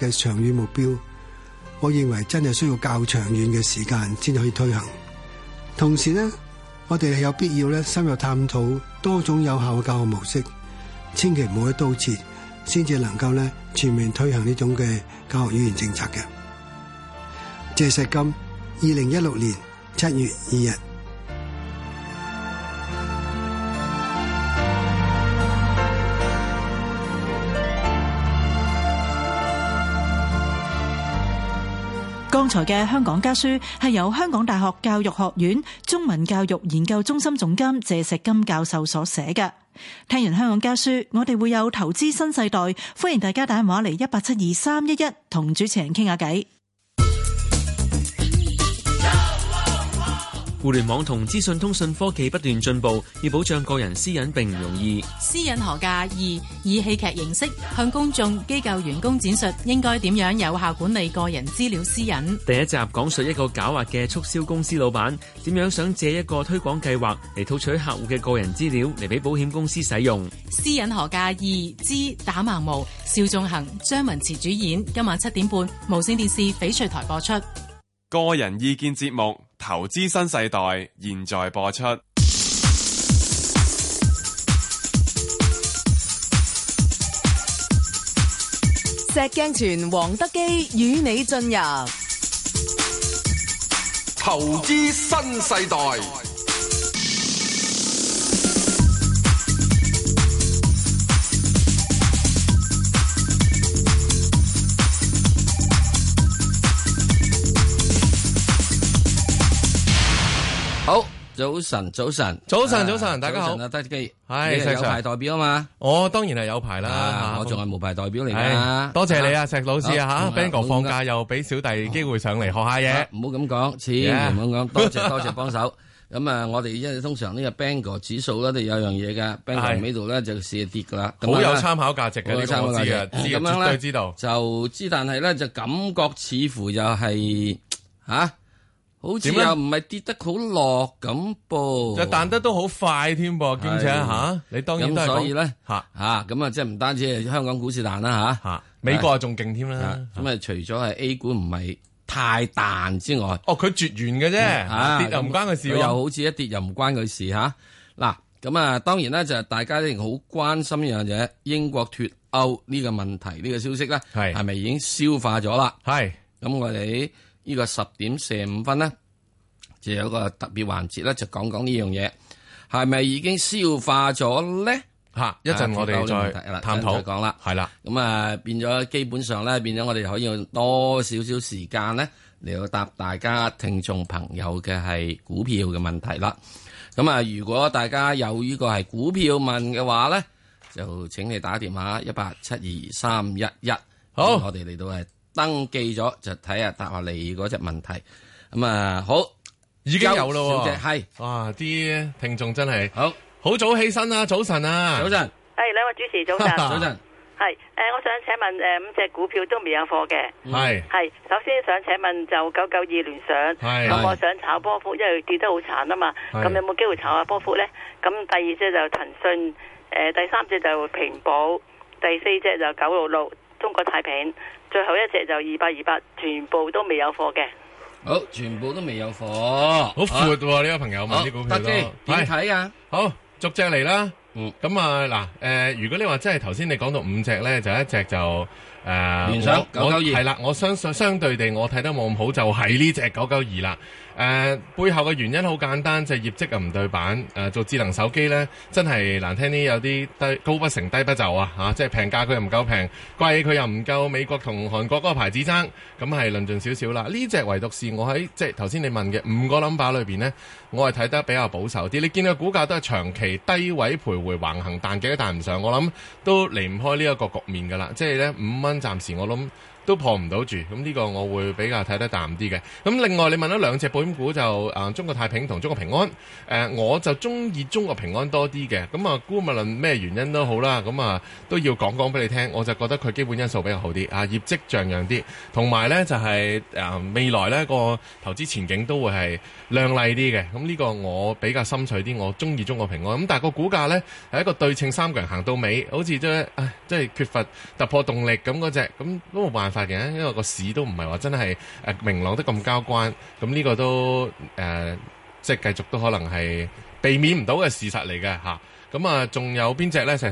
嘅長遠目標，我認為真係需要較長遠嘅時間先可以推行。同時呢，我哋係有必要咧深入探討多種有效嘅教學模式，千祈唔好一刀切，先至能夠咧全面推行呢種嘅教學語言政策嘅。謝石金，二零一六年七月二日。剛才嘅香港家書係由香港大學教育學院中文教育研究中心總監謝石金教授所寫嘅。聽完香港家書，我哋會有投資新世代，歡迎大家打電話嚟一八七二三一一同主持人傾下偈。互聯網同資訊通訊科技不斷進步，要保障個人私隱並唔容易。私隱何價二以戲劇形式向公眾機構員工展述應該點樣有效管理個人資料私隱。第一集講述一個狡猾嘅促銷公司老闆點樣想借一個推廣計劃嚟套取客戶嘅個人資料嚟俾保險公司使用。私隱何價二之打盲毛。邵仲衡、張文慈主演，今晚七點半無線電視翡翠台播出。個人意見節目。投資新世代，現在播出。石鏡泉、黃德幾與你進入投資新世代。好，早晨，早晨，早晨，早晨，大家好。德幾，係有排代表啊嘛。我當然係有排啦。我仲係無牌代表嚟噶。多謝你啊，石老師啊吓。Bangor 放假又俾小弟機會上嚟學下嘢。唔好咁講，似唔好講。多謝多謝幫手。咁啊，我哋因為通常呢個 Bangor 指數咧，都有樣嘢噶。Bangor 尾度咧就試下跌噶啦。好有參考價值嘅，你知啊，知啊，絕對知道。就知，但係咧就感覺似乎又係吓。好似又唔係跌得好落咁噃，就彈得都好快添噃，兼且吓，你當然都係咁，所以咧吓吓咁啊，即係唔單止係香港股市彈啦吓，美國啊仲勁添啦，咁啊除咗係 A 股唔係太彈之外，哦，佢絕緣嘅啫，跌又唔關佢事，佢又好似一跌又唔關佢事吓，嗱，咁啊，當然咧就係大家一定好關心一樣嘢，英國脱歐呢個問題呢個消息咧，係係咪已經消化咗啦？係，咁我哋。個呢個十點四十五分咧，就有一個特別環節咧，就講講呢樣嘢係咪已經消化咗呢？嚇、啊！一陣我哋再探討講啦，係啦。咁啊變咗基本上咧，變咗我哋可以用多少少時間呢，嚟到答大家聽眾朋友嘅係股票嘅問題啦。咁啊，如果大家有呢個係股票問嘅話咧，就請你打電話一八七二三一一，11，好，我哋嚟到係。登記咗就睇下答下你嗰隻問題，咁、嗯、啊好，已經有咯，係姐，哇啲是、啊、聽眾真係好，好早起身啦、啊，早晨啊，早晨，係兩、hey, 位主持，早晨，早晨，係， 誒、呃，我想請問，誒、呃、五隻股票都未有貨嘅，係是，係，首先想請問就九九二聯想，咁是我想炒波幅，因為跌得好慘啊嘛，咁是有冇機會炒下波幅咧？咁第二隻就騰訊，誒、呃，第三隻就平保，第四隻就九六六。中國太平，最後一隻就二百二百，全部都未有貨嘅。好，全部都未有貨，好闊，呢位朋友問，呢部機點睇啊？好，哎、好，逐隻嚟啦。嗯，咁啊嗱，誒、呃，如果你話真係頭先你講到五隻咧，就一隻就誒，聯想九九二係啦。我相信相對地，我睇得冇咁好，就係呢隻九九二啦。誒、呃、背後嘅原因好簡單，就係、是、業績又唔對版。誒、呃、做智能手機呢，真係難聽啲，有啲低高不成低不就啊！嚇、啊，即係平價佢又唔夠平，貴佢又唔夠美國同韓國嗰個牌子爭，咁係論盡少少啦。呢、這、隻、個、唯獨是我喺即係頭先你問嘅五個 number 裏邊呢，我係睇得比較保守啲。你見到股價都係長期低位徘徊橫行，彈幾都彈唔上。我諗都離唔開呢一個局面㗎喇。即係呢五蚊，暫時我諗。都破唔到住，咁、這、呢個我會比較睇得淡啲嘅。咁另外你問咗兩隻保險股就啊中國太平同中國平安，誒、呃、我就中意中國平安多啲嘅。咁、嗯、啊，估唔論咩原因都好啦，咁、嗯、啊都要講講俾你聽，我就覺得佢基本因素比較好啲，啊業績像樣啲，同埋咧就係、是、誒、啊、未來咧個投資前景都會係亮麗啲嘅。咁、嗯、呢、這個我比較心水啲，我中意中國平安。咁、嗯、但係個股價咧係一個對稱三角形行到尾，好似即係誒即係缺乏突破動力咁嗰隻，咁、那個、都冇辦法。嘅，因為個市都唔係話真係誒明朗得咁交關，咁呢個都誒即係繼續都可能係避免唔到嘅事實嚟嘅嚇。咁啊，仲有邊隻咧，Sir？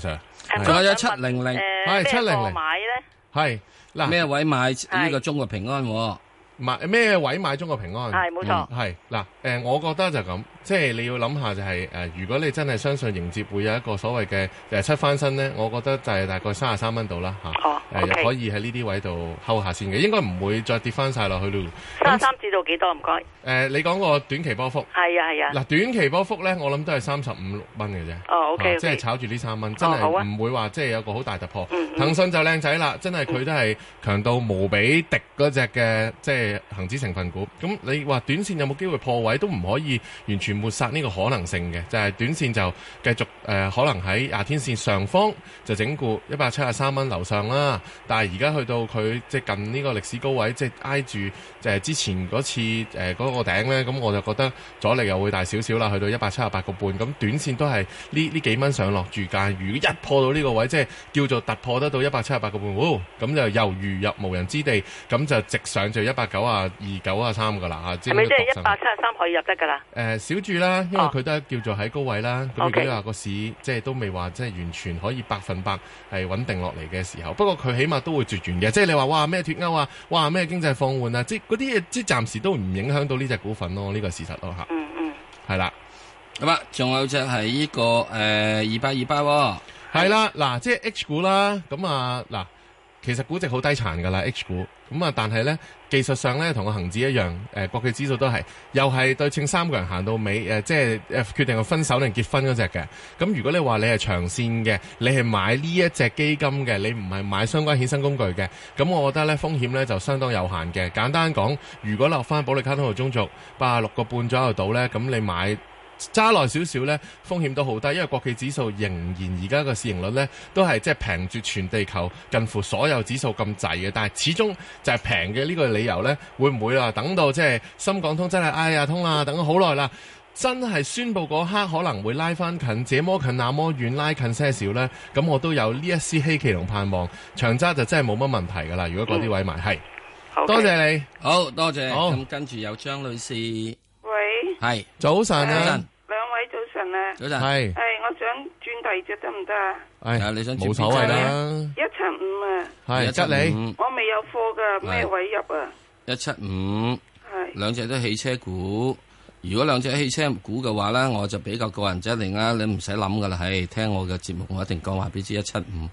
仲、嗯、係有七零零，係七零零。買、呃、咧，係嗱，咩位買呢位買個中國平安，啊？買咩位買中國平安？係冇錯，係嗱、嗯，誒、呃，我覺得就係咁。即係你要諗下就係，是，誒、呃，如果你真係相信迎接會有一個所謂嘅誒七翻身咧，我覺得就係大概三十三蚊度啦嚇，又、啊 oh, okay. 呃、可以喺呢啲位度睺下先嘅，應該唔會再跌翻晒落去咯。三三至到幾多？唔該。誒、呃，你講個短期波幅係啊係啊。嗱、啊，短期波幅咧，我諗都係三十五六蚊嘅啫。哦、oh,，OK，即、okay. 係，啊就是，炒住呢三蚊，真係唔、oh, okay. 會話即係有個好大突破。嗯嗯。騰訊就靚仔啦，真係佢都係強到無比敵嗰隻嘅即係恆指成分股。咁你話短線有冇機會破位都唔可以完全。抹殺呢個可能性嘅，就係、是、短線就繼續誒、呃，可能喺廿天線上方就整固一百七十三蚊樓上啦。但係而家去到佢，即係近呢個歷史高位，即係挨住誒之前嗰次誒嗰、呃那個頂咧，咁我就覺得阻力又會大少少啦。去到一百七十八個半，咁短線都係呢呢幾蚊上落住間。如果一破到呢個位，即係叫做突破得到一百七十八個半，咁就又如入無人之地，咁就直上就一百九啊、二九啊、三噶啦。咁即係一百七十三可以入得噶啦。誒、呃，小。住啦，因為佢都叫做喺高位啦，咁你話個市即係都未話即係完全可以百分百係穩定落嚟嘅時候。不過佢起碼都會絕完嘅，即係你話哇咩脫歐啊，哇咩經濟放緩啊，即係嗰啲即係暫時都唔影響到呢隻股份咯，呢個事實咯吓。嗯嗯，係啦，咁、這個呃哦、啊，仲有隻係呢個誒二八二八喎，係啦，嗱，即係 H 股啦，咁啊嗱。其實估值好低殘㗎啦，H 股咁啊！但係呢，技術上呢，同個恒指一樣，誒、呃、國企指數都係又係對稱三個人行到尾誒、呃，即係誒、呃、決定係分手定結婚嗰隻嘅。咁、嗯、如果你話你係長線嘅，你係買呢一隻基金嘅，你唔係買相關衍生工具嘅，咁、嗯、我覺得呢風險呢就相當有限嘅。簡單講，如果落翻保歷加通道中軌八十六個半左右到呢，咁、嗯、你買。揸耐少少呢，風險都好低，因為國企指數仍然而家個市盈率呢，都係即係平住全地球近乎所有指數咁滯嘅。但係始終就係平嘅呢個理由呢，會唔會啊？等到即係深港通真係哎呀通啦，等咗好耐啦，真係宣布嗰刻可能會拉翻近，這麼近那麼、啊、遠拉近些少呢。咁我都有呢一絲希冀同盼望。長揸就真係冇乜問題㗎啦。如果嗰啲位買係，多謝你，好多謝。咁好跟住有張女士，喂，係是早晨、啊。早晨啊。老陳係，係早是、哎、我想轉第二隻得唔得啊？係，哎、你想冇所謂啦。吧一七五啊，係是一七五，理我未有貨噶，咩位入啊？一七五，係兩隻都汽車股。如果兩隻汽車股嘅話咧，我就比較個人仔定啦，你唔使諗噶啦，係聽我嘅節目，我一定講話俾知一七五。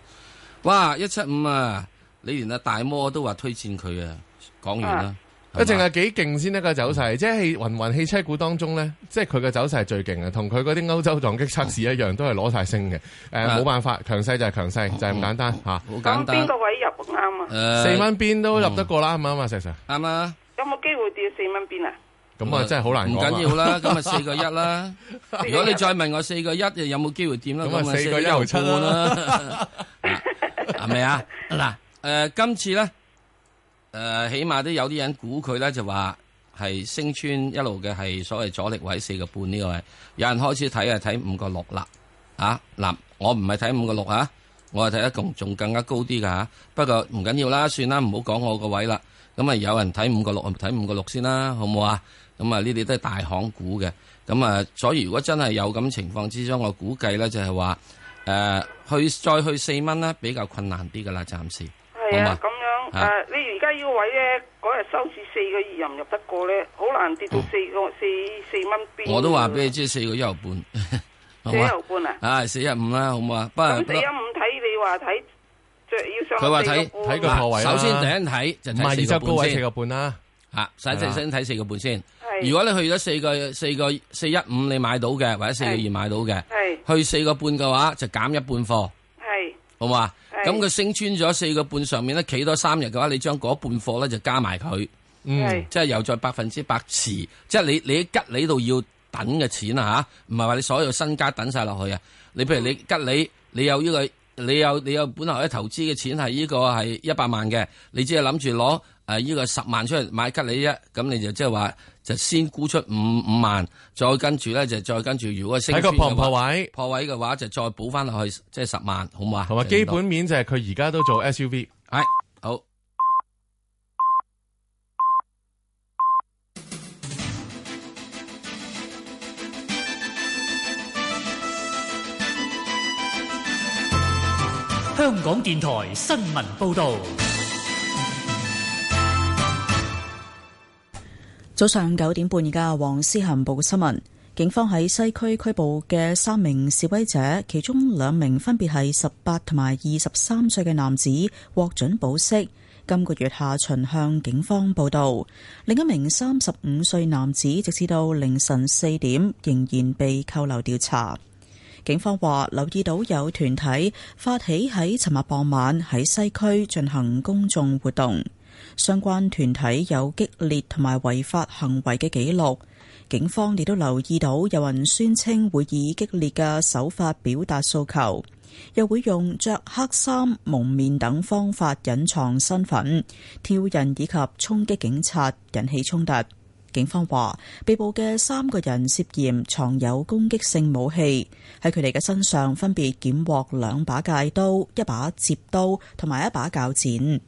哇，一七五啊，你連阿大摩都話推薦佢啊，講完啦。佢淨係幾勁先得噶走勢，即係云云汽車股當中咧，即係佢嘅走勢係最勁嘅，同佢嗰啲歐洲撞擊測試一樣，都係攞晒星嘅。誒，冇辦法，強勢就係強勢，就係咁簡單吓。好簡單。咁邊個位入啱啊？四蚊邊都入得過啦，啱唔啱？石石？啱啊！有冇機會跌四蚊邊啊？咁啊，真係好難講。唔緊要啦，咁啊四個一啦。如果你再問我四個一又有冇機會跌咧，咁啊，四個一會出啦，係咪啊？嗱，誒，今次咧。誒，起碼都有啲人估佢咧，就話係升穿一路嘅係所謂阻力位四個半呢個位，有人開始睇啊，睇五個六啦，啊，嗱，我唔係睇五個六啊，我係睇、啊、得仲仲更加高啲噶吓，不過唔緊要啦，算啦，唔好講我個位啦，咁啊，有人睇五個六睇五個六先啦，好唔好啊？咁啊，呢啲都係大行估嘅，咁啊，所以如果真係有咁情況之中，我估計咧就係話，誒、啊，去再去四蚊咧比較困難啲噶啦，暫時，係啊，咁嗎誒，uh, 啊、你而家呢個位咧，嗰日收市四個二又唔入得過咧，好難跌到四個四四蚊邊。嗯、4, 4邊邊邊我都話俾你知，係四個一毫半。四一毫半啊！啊，四一五啦、啊，好唔好啊？咁四一五睇你話睇，要上5。佢話睇睇個位、啊、首先第一睇就睇四七高位四個半啦。吓、啊，使、啊啊、先睇睇四個半先。啊、如果你去咗四個四個四一五，你買到嘅或者四個二買到嘅，係去四個半嘅話就減一半貨。係。好唔好啊？咁佢升穿咗四個半上面咧，企多三日嘅話，你將嗰半貨咧就加埋佢，的嗯，即係又再百分之百蝕，即係你你喺吉利度要等嘅錢啊吓，唔係話你所有身家等曬落去啊，你譬如你吉利，你有呢個，你有你有本來喺投資嘅錢係呢個係一百萬嘅，你只係諗住攞誒呢個十萬出嚟買吉利一，咁你就即係話。就先沽出五五萬，再跟住咧就再跟住，如果升，佢破唔破位破位嘅話就再補翻落去，即係十萬，好唔好啊？好啊，基本面就係佢而家都做 SUV，係好。香港電台新聞報道。早上九點半，而家黃思恒報嘅新聞。警方喺西區拘捕嘅三名示威者，其中兩名分別係十八同埋二十三歲嘅男子獲准保釋，今個月下旬向警方報到。另一名三十五歲男子直至到凌晨四點仍然被扣留調查。警方話留意到有團體發起喺尋日傍晚喺西區進行公眾活動。相關團體有激烈同埋違法行為嘅記錄，警方亦都留意到有人宣稱會以激烈嘅手法表達訴求，又會用着黑衫、蒙面等方法隱藏身份、挑釁以及衝擊警察，引起衝突。警方話，被捕嘅三個人涉嫌藏有攻擊性武器，喺佢哋嘅身上分別檢獲兩把戒刀、一把折刀同埋一把鉸剪。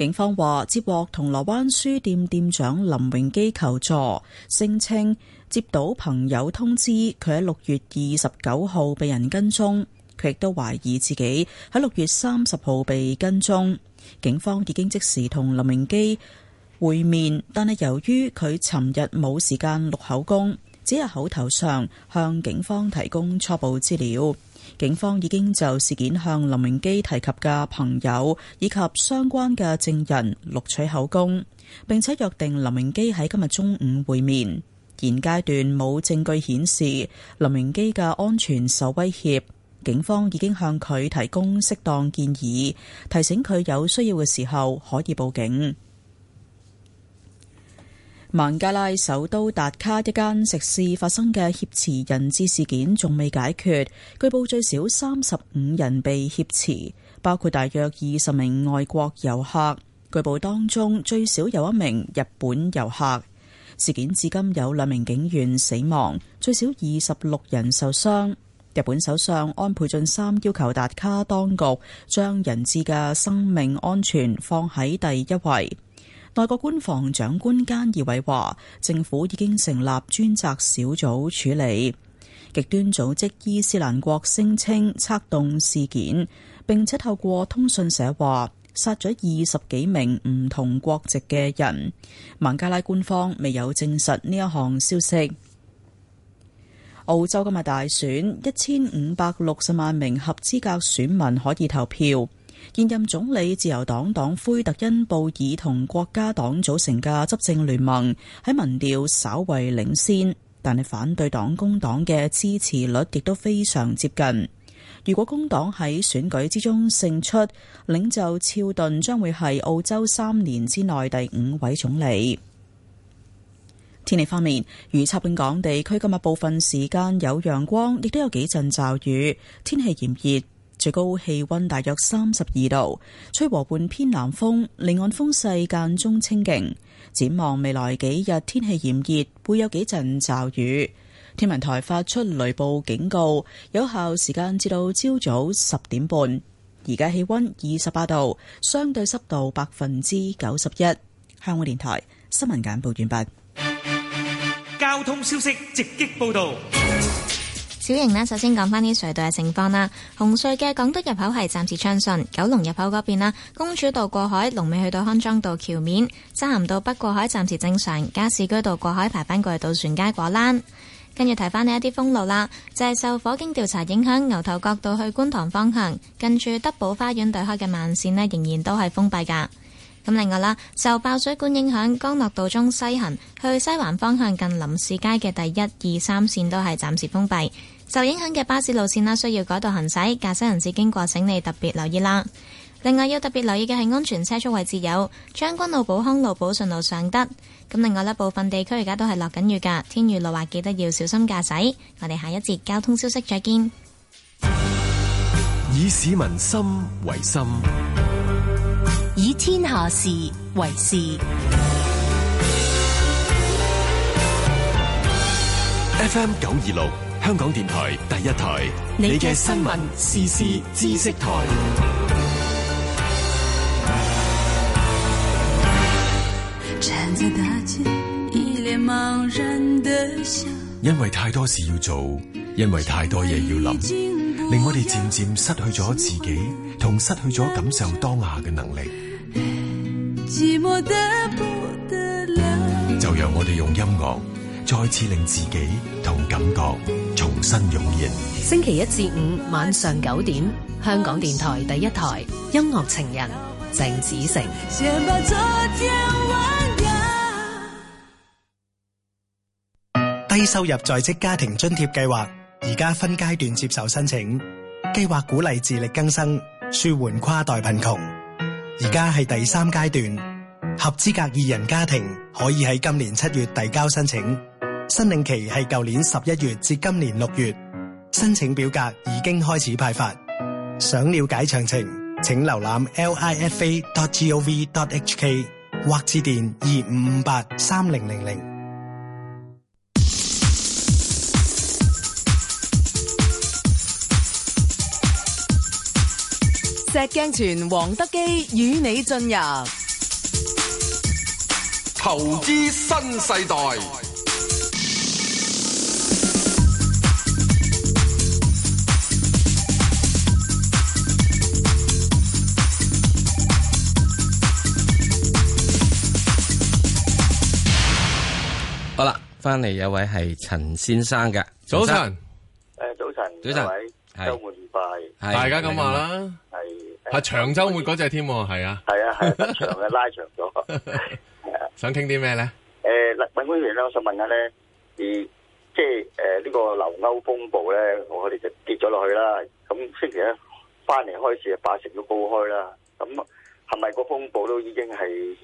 警方話接獲銅鑼灣書店店長林榮基求助，聲稱接到朋友通知佢喺六月二十九號被人跟蹤，佢亦都懷疑自己喺六月三十號被跟蹤。警方已經即時同林榮基會面，但係由於佢尋日冇時間錄口供，只係口頭上向警方提供初步資料。警方已經就事件向林榮基提及嘅朋友以及相關嘅證人錄取口供，並且約定林榮基喺今日中午會面。現階段冇證據顯示林榮基嘅安全受威脅，警方已經向佢提供適當建議，提醒佢有需要嘅時候可以報警。孟加拉首都達卡一間食肆發生嘅挾持人質事件仲未解決，據報最少三十五人被挾持，包括大約二十名外國遊客。據報當中最少有一名日本遊客。事件至今有兩名警員死亡，最少二十六人受傷。日本首相安倍晉三要求達卡當局將人質嘅生命安全放喺第一位。外國官房長官菅義偉話，政府已經成立專責小組處理極端組織伊斯蘭國聲稱策動事件，並且透過通訊社話殺咗二十幾名唔同國籍嘅人。孟加拉官方未有證實呢一項消息。澳洲今日大選，一千五百六十萬名合資格選民可以投票。現任總理自由黨黨魁特恩布爾同國家黨組成嘅執政聯盟喺民調稍為領先，但係反對黨工黨嘅支持率亦都非常接近。如果工黨喺選舉之中勝出，領袖肖頓將會係澳洲三年之內第五位總理。天氣方面，預測本港地區今日部分時間有陽光，亦都有幾陣驟雨，天氣炎熱。最高氣溫大約三十二度，吹和半偏南風，離岸風勢間中清勁。展望未來幾日天氣炎熱，會有幾陣驟雨。天文台發出雷暴警告，有效時間至到朝早十點半。而家氣溫二十八度，相對濕度百分之九十一。香港電台新聞簡報完畢。交通消息直擊報道。小瑩呢，首先講返啲隧道嘅情況啦。紅隧嘅港督入口係暫時暢順，九龍入口嗰邊啦，公主道過海龍尾去到康莊道橋面，西行道北過海暫時正常，加士居道過海排返過去到渡船街果欄。跟住提翻呢一啲封路啦，就係、是、受火警調查影響，牛頭角道去觀塘方向近住德寶花園對開嘅慢線呢，仍然都係封閉噶。咁，另外啦，受爆水管影響，江樂道中西行去西環方向近林士街嘅第一、二、三線都係暫時封閉。受影響嘅巴士路線啦，需要改道行駛，駕駛人士經過請你特別留意啦。另外要特別留意嘅係安全車速位置有將軍澳、寶康路、寶順路尚德。咁，另外咧，部分地區而家都係落緊雨噶，天雨路滑，記得要小心駕駛。我哋下一節交通消息再見。以市民心為心。天下事為事，FM 九二六香港電台第一台，你嘅新聞時事知識台。站在大街，一臉茫然的，因為太多事要做，因為太多嘢要諗，令我哋漸漸失去咗自己，同失去咗感受當下嘅能力。就讓我哋用音樂再次令自己同感覺重新湧現。星期一至五晚上九點，香港電台第一台音樂情人鄭子誠。低收入在職家庭津貼計劃，而家分階段接受申請，計劃鼓勵自力更生，舒緩跨代貧窮。而家係第三階段，合資格二人家庭可以喺今年七月遞交申請，申領期係舊年十一月至今年六月，申請表格已經開始派發。想了解詳情，請瀏覽 lifa.gov.hk 或致電二五五八三零零零。石鏡泉、黃德幾與你進入投資新世代。好啦，翻嚟有位係陳先生嘅，早，早晨。誒，早晨，早晨。週是末快，大家咁話啦，係係長週末嗰隻添，係是啊，係 啊，長嘅拉長咗，係啊 ，想傾啲咩咧？誒，律官員咧，我想問下咧，而即係誒呢個流鈎風暴咧，我哋就跌咗落去啦。咁星期一翻嚟開始啊，八成都高開啦。咁係咪個風暴都已經係？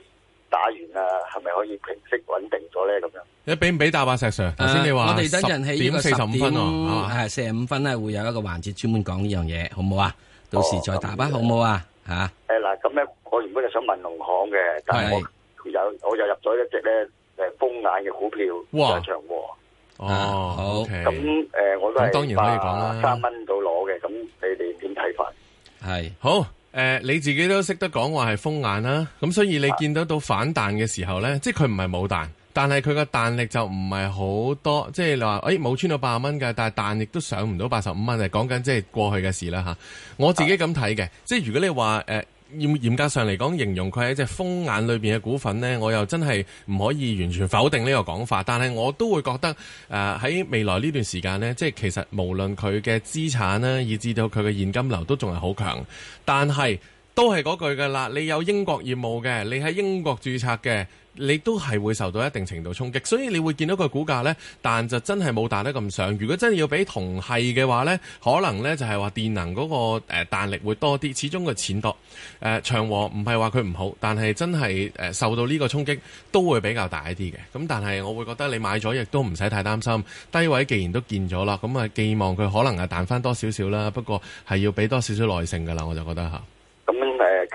打完啊，係咪可以平息穩定咗咧？咁樣你俾唔俾答啊，石 Sir，頭先你話十點四十五分哦，係四十五分咧會有一個環節專門講呢樣嘢，好唔好啊？到時再答啊好唔好啊？吓，誒嗱，咁咧我原本就想問農行嘅，但係我有我又入咗一隻咧誒，風眼嘅股票，哇長和，哦好，咁誒我都係當然可以講啦，八三蚊到攞嘅，咁你哋點睇法？係好。誒、呃、你自己都識得講話係風眼啦，咁所以你見得到反彈嘅時候呢，即係佢唔係冇彈，但係佢個彈力就唔係好多，即係你話，誒、欸、冇穿到八十蚊㗎，但係彈力都上唔到八十五蚊，係、就是、講緊即係過去嘅事啦嚇、啊。我自己咁睇嘅，啊、即係如果你話誒。呃嚴嚴格上嚟講，形容佢係一隻風眼裏邊嘅股份呢，我又真係唔可以完全否定呢個講法。但係我都會覺得，誒、呃、喺未來呢段時間呢，即係其實無論佢嘅資產咧，以至到佢嘅現金流都仲係好強，但係，都係嗰句噶啦。你有英國業務嘅，你喺英國註冊嘅，你都係會受到一定程度衝擊，所以你會見到佢股價呢，但就真係冇彈得咁上。如果真係要俾同係嘅話呢，可能呢就係話電能嗰，那個誒、呃、彈力會多啲。始終個錢多誒、呃、長和唔係話佢唔好，但係真係誒受到呢個衝擊都會比較大啲嘅。咁但係我會覺得你買咗亦都唔使太擔心低位，既然都見咗啦，咁啊寄望佢可能係彈翻多少少啦。不過係要俾多少少耐性噶啦，我就覺得嚇。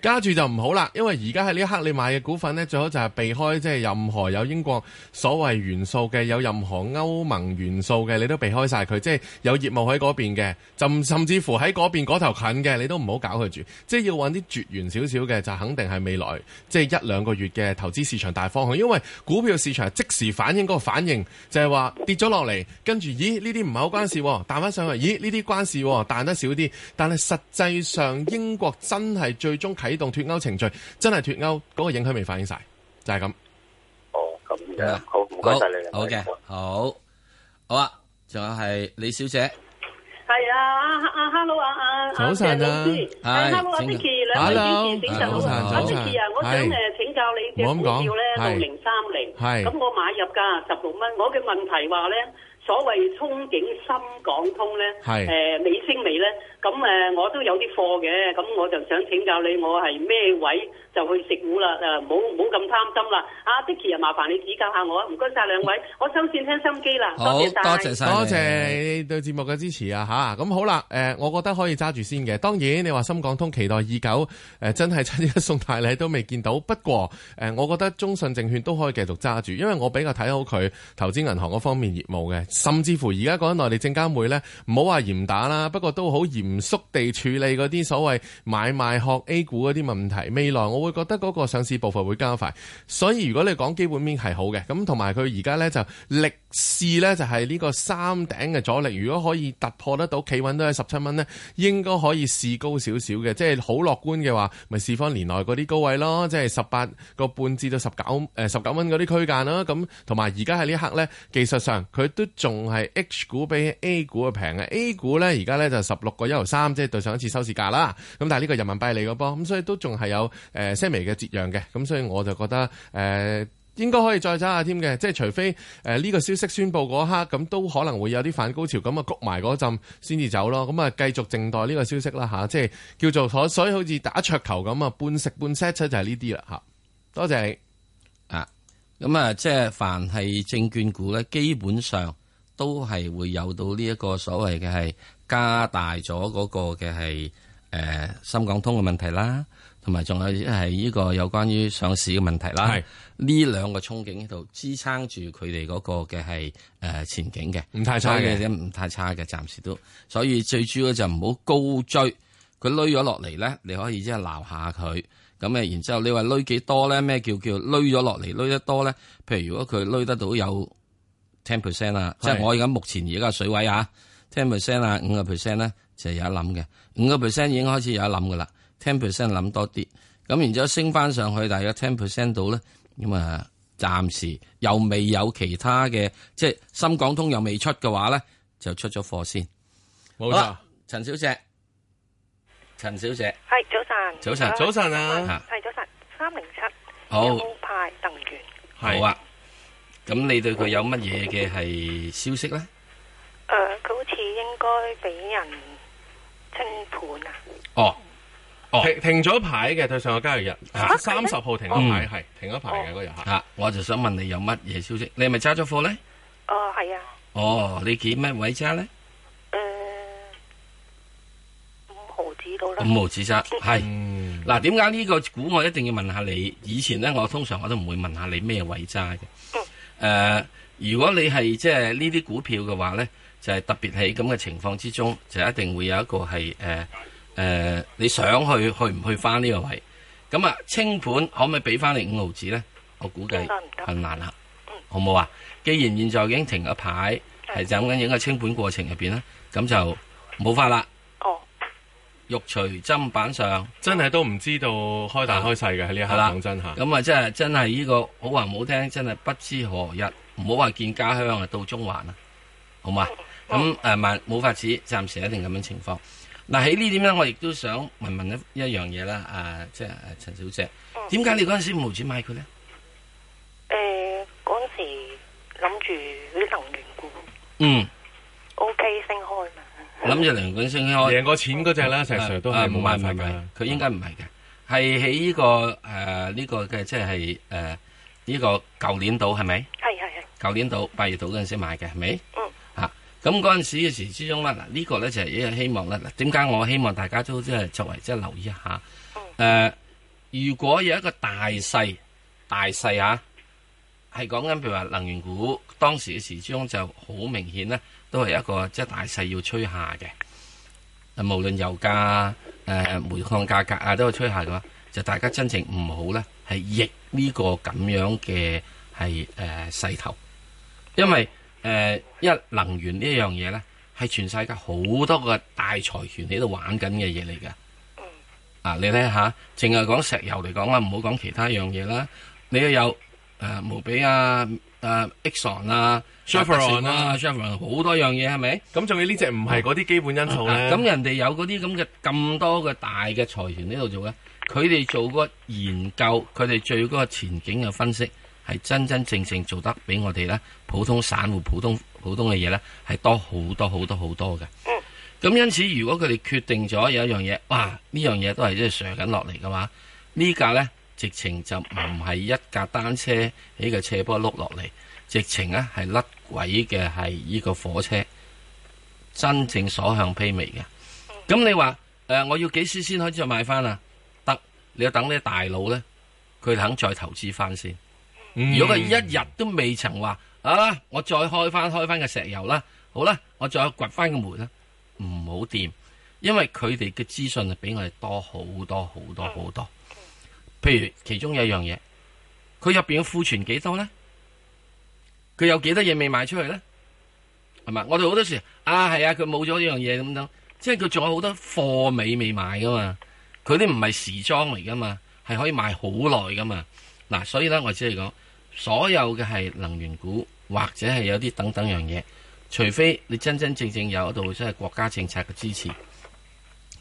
加住就唔好啦，因為而家喺呢一刻，你買嘅股份咧，最好就係避開，即係任何有英國所謂元素嘅，有任何歐盟元素嘅，你都避開晒佢。即係有業務喺嗰邊嘅，甚甚至乎喺嗰邊嗰頭近嘅，你都唔好搞佢住。即係要揾啲絕緣少少嘅，就肯定係未來即係一兩個月嘅投資市場大方向。因為股票市場即時反映嗰個反應，就係話跌咗落嚟，跟住咦呢啲唔係好關事，彈翻上去，咦呢啲關事，彈得少啲。但係實際上英國真係最終。啟動脫歐程序，真係脫歐嗰個影響未反映晒，就係咁。哦，咁樣好，唔該晒你。好嘅，好好啊，仲有係李小姐，係啊，啊啊，hello 啊啊，早晨老師，係 hello 啊，Tiki，兩位主持人早晨，啊 Tiki 啊，我想誒請教你嘅股票咧六零三零，係，咁我買入噶十六蚊，我嘅問題話咧。所謂憧憬深港通咧，誒尾升尾咧，咁誒我都有啲貨嘅，咁我就想請教你，我係咩位就去食糊啦，誒唔好唔好咁貪心啦，啊，Dickie 啊麻煩你指教下我啊，唔該晒兩位，我收線聽心機啦，好多謝多謝你對節目嘅支持啊嚇，咁好啦，誒我覺得可以揸住先嘅，當然你話深港通期待已久，誒真係七一送大禮都未見到，不過誒我覺得中信證券都可以繼續揸住，因為我比較睇好佢投資銀行嗰方面業務嘅。甚至乎而家講內地證監會咧，唔好話嚴打啦，不過都好嚴肅地處理嗰啲所謂買賣殼 A 股嗰啲問題。未來我會覺得嗰個上市步伐會加快，所以如果你講基本面係好嘅，咁同埋佢而家咧就力試，咧就係呢個三頂嘅阻力。如果可以突破得到企穩都係十七蚊咧，應該可以試高少少嘅，即係好樂觀嘅話咪試翻年內嗰啲高位咯，即係十八個半至到十九，誒十九蚊嗰啲區間啦。咁同埋而家喺呢一刻咧，技術上佢都。仲係 H 股比 A 股啊，平嘅 A 股咧，而家咧就十六個一毫三，即係對上一次收市價啦。咁但係呢個人民幣嚟嘅噃，咁所以都仲係有誒些微嘅折讓嘅。咁所以我就覺得誒、呃，應該可以再走下添嘅，即係除非誒呢、呃這個消息宣布嗰刻，咁都可能會有啲反高潮，咁啊谷埋嗰陣先至走咯。咁啊繼續靜待呢個消息啦吓、啊，即係叫做所所以好似打桌球咁啊，半食半 set 出就係呢啲啦吓。多謝你啊，咁啊即係凡係證券股咧，基本上。都係會有到呢一個所謂嘅係加大咗嗰個嘅係誒深港通嘅問題啦，同埋仲有係呢個有關於上市嘅問題啦。係呢是兩個憧憬喺度支撐住佢哋嗰個嘅係誒前景嘅，唔太差嘅，唔太差嘅，暫時都。所以最主要就唔好高追，佢攣咗落嚟咧，你可以即係鬧下佢。咁誒，然之後你話攣幾多咧？咩叫叫攣咗落嚟攣得多咧？譬如如果佢攣得到有。ten percent 啊，是即係我而家目前而家嘅水位啊，ten percent 啊，五個 percent 咧就係有一諗嘅，五個 percent 已經開始有一諗嘅啦，ten percent 諗多啲，咁然之後升翻上去大約 ten percent 到咧，咁啊暫時又未有其他嘅，即係深港通又未出嘅話咧，就出咗貨先，冇錯錯，陳小姐，陳小姐，係早晨，早晨，早晨，早晨啊，係是早晨，三零七，東派好派鄧源，係是。好啊咁你對佢有乜嘢嘅係消息咧？誒，佢好似應該俾人清盤啊。哦，哦停停咗牌嘅，對上個交易日，三十號停咗牌，係停咗牌嘅嗰日吓。啊，我就想問你有乜嘢消息？你係咪揸咗貨咧？哦，係啊。哦，你幾咩位揸咧？誒，五毫子到啦。五毫子揸係嗱，點解呢個股我一定要問下你？以前咧，我通常我都唔會問下你咩位揸嘅。誒、呃，如果你係即係呢啲股票嘅話咧，就係、是、特別喺咁嘅情況之中，就一定會有一個係誒誒，你想去去唔去翻呢個位？咁啊，清盤可唔可以俾翻你五毫子咧？我估計困難啦。好唔好啊？既然現在已經停咗牌，係就咁樣影個清盤過程入邊啦，咁就冇法啦。玉錘砧板上，真係都唔知道開大開細嘅，喺呢一刻，講的真吓。咁啊，真係真係呢個好話唔好聽，真係不知何日唔好話見家鄉啊，到中環啊，好嘛？咁誒，萬冇法子，暫時一定咁樣情況。嗱、啊，喺呢點咧，我亦都想問問一一樣嘢啦，阿、啊、即係阿陳小姐，點解、嗯、你嗰陣時冇錢買佢咧？誒、嗯，嗰時諗住啲能源股，嗯，OK，升開。諗住梁冠升贏過錢嗰隻咧，成成都係冇、啊、辦法嘅，佢、啊、應該唔係嘅，係喺呢個誒呢、呃這個嘅即係誒呢個舊年度係咪？係係係舊年度八月度嗰陣時買嘅係咪？是是嗯，吓咁嗰陣時嘅時之中咧，這個、呢個咧就係一個希望咧。點解我希望大家都即係作為即係留意一下？誒、呃，如果有一個大勢大勢啊，係講緊譬如話能源股，當時嘅時鐘就好明顯咧。都係一個即係大勢要吹下嘅，無論油價、誒、呃、煤炭價格啊、呃，都係吹下嘅。就大家真正唔好呢係逆呢個咁樣嘅係誒勢頭，因為誒一、呃、能源呢樣嘢呢，係全世界好多個大財團喺度玩緊嘅嘢嚟㗎。啊，你睇下，淨係講石油嚟講啦，唔好講其他樣嘢啦。你又有誒無比啊！誒，Exxon 啊，Chevron 啊，Chevron 好多樣嘢係咪？咁仲、嗯、要呢隻唔係嗰啲基本因素咧？咁、uh, uh, 嗯嗯嗯、人哋有嗰啲咁嘅咁多嘅大嘅財團呢度做嘅，佢哋做嗰個研究，佢哋最嗰個前景嘅分析係真真正正做得比我哋咧普通散戶、普通普通嘅嘢咧係多好多好多好多嘅。咁因此如果佢哋決定咗有一樣嘢，哇、啊、呢樣嘢都係即係上緊落嚟嘅話，呢架咧。直情就唔係一架單車喺個斜坡碌落嚟，直情咧係甩軌嘅係呢個火車，真正所向披靡嘅。咁你話誒、呃，我要幾時先開始再買翻啊？得，你要等你大佬咧，佢肯再投資翻先。嗯、如果佢一日都未曾話啊，我再開翻開翻個石油啦，好啦，我再掘翻個煤啦，唔好掂，因為佢哋嘅資訊係比我哋多好多好多好多，多。譬如其中有一樣嘢，佢入邊嘅庫存幾多咧？佢有幾多嘢未賣出去咧？係咪？我哋好多時啊，係啊，佢冇咗呢樣嘢咁等，即係佢仲有好多貨尾未賣噶嘛？佢啲唔係時裝嚟噶嘛，係可以賣好耐噶嘛？嗱、啊，所以咧我只係講，所有嘅係能源股或者係有啲等等樣嘢，除非你真真正正有一度真係國家政策嘅支持，咁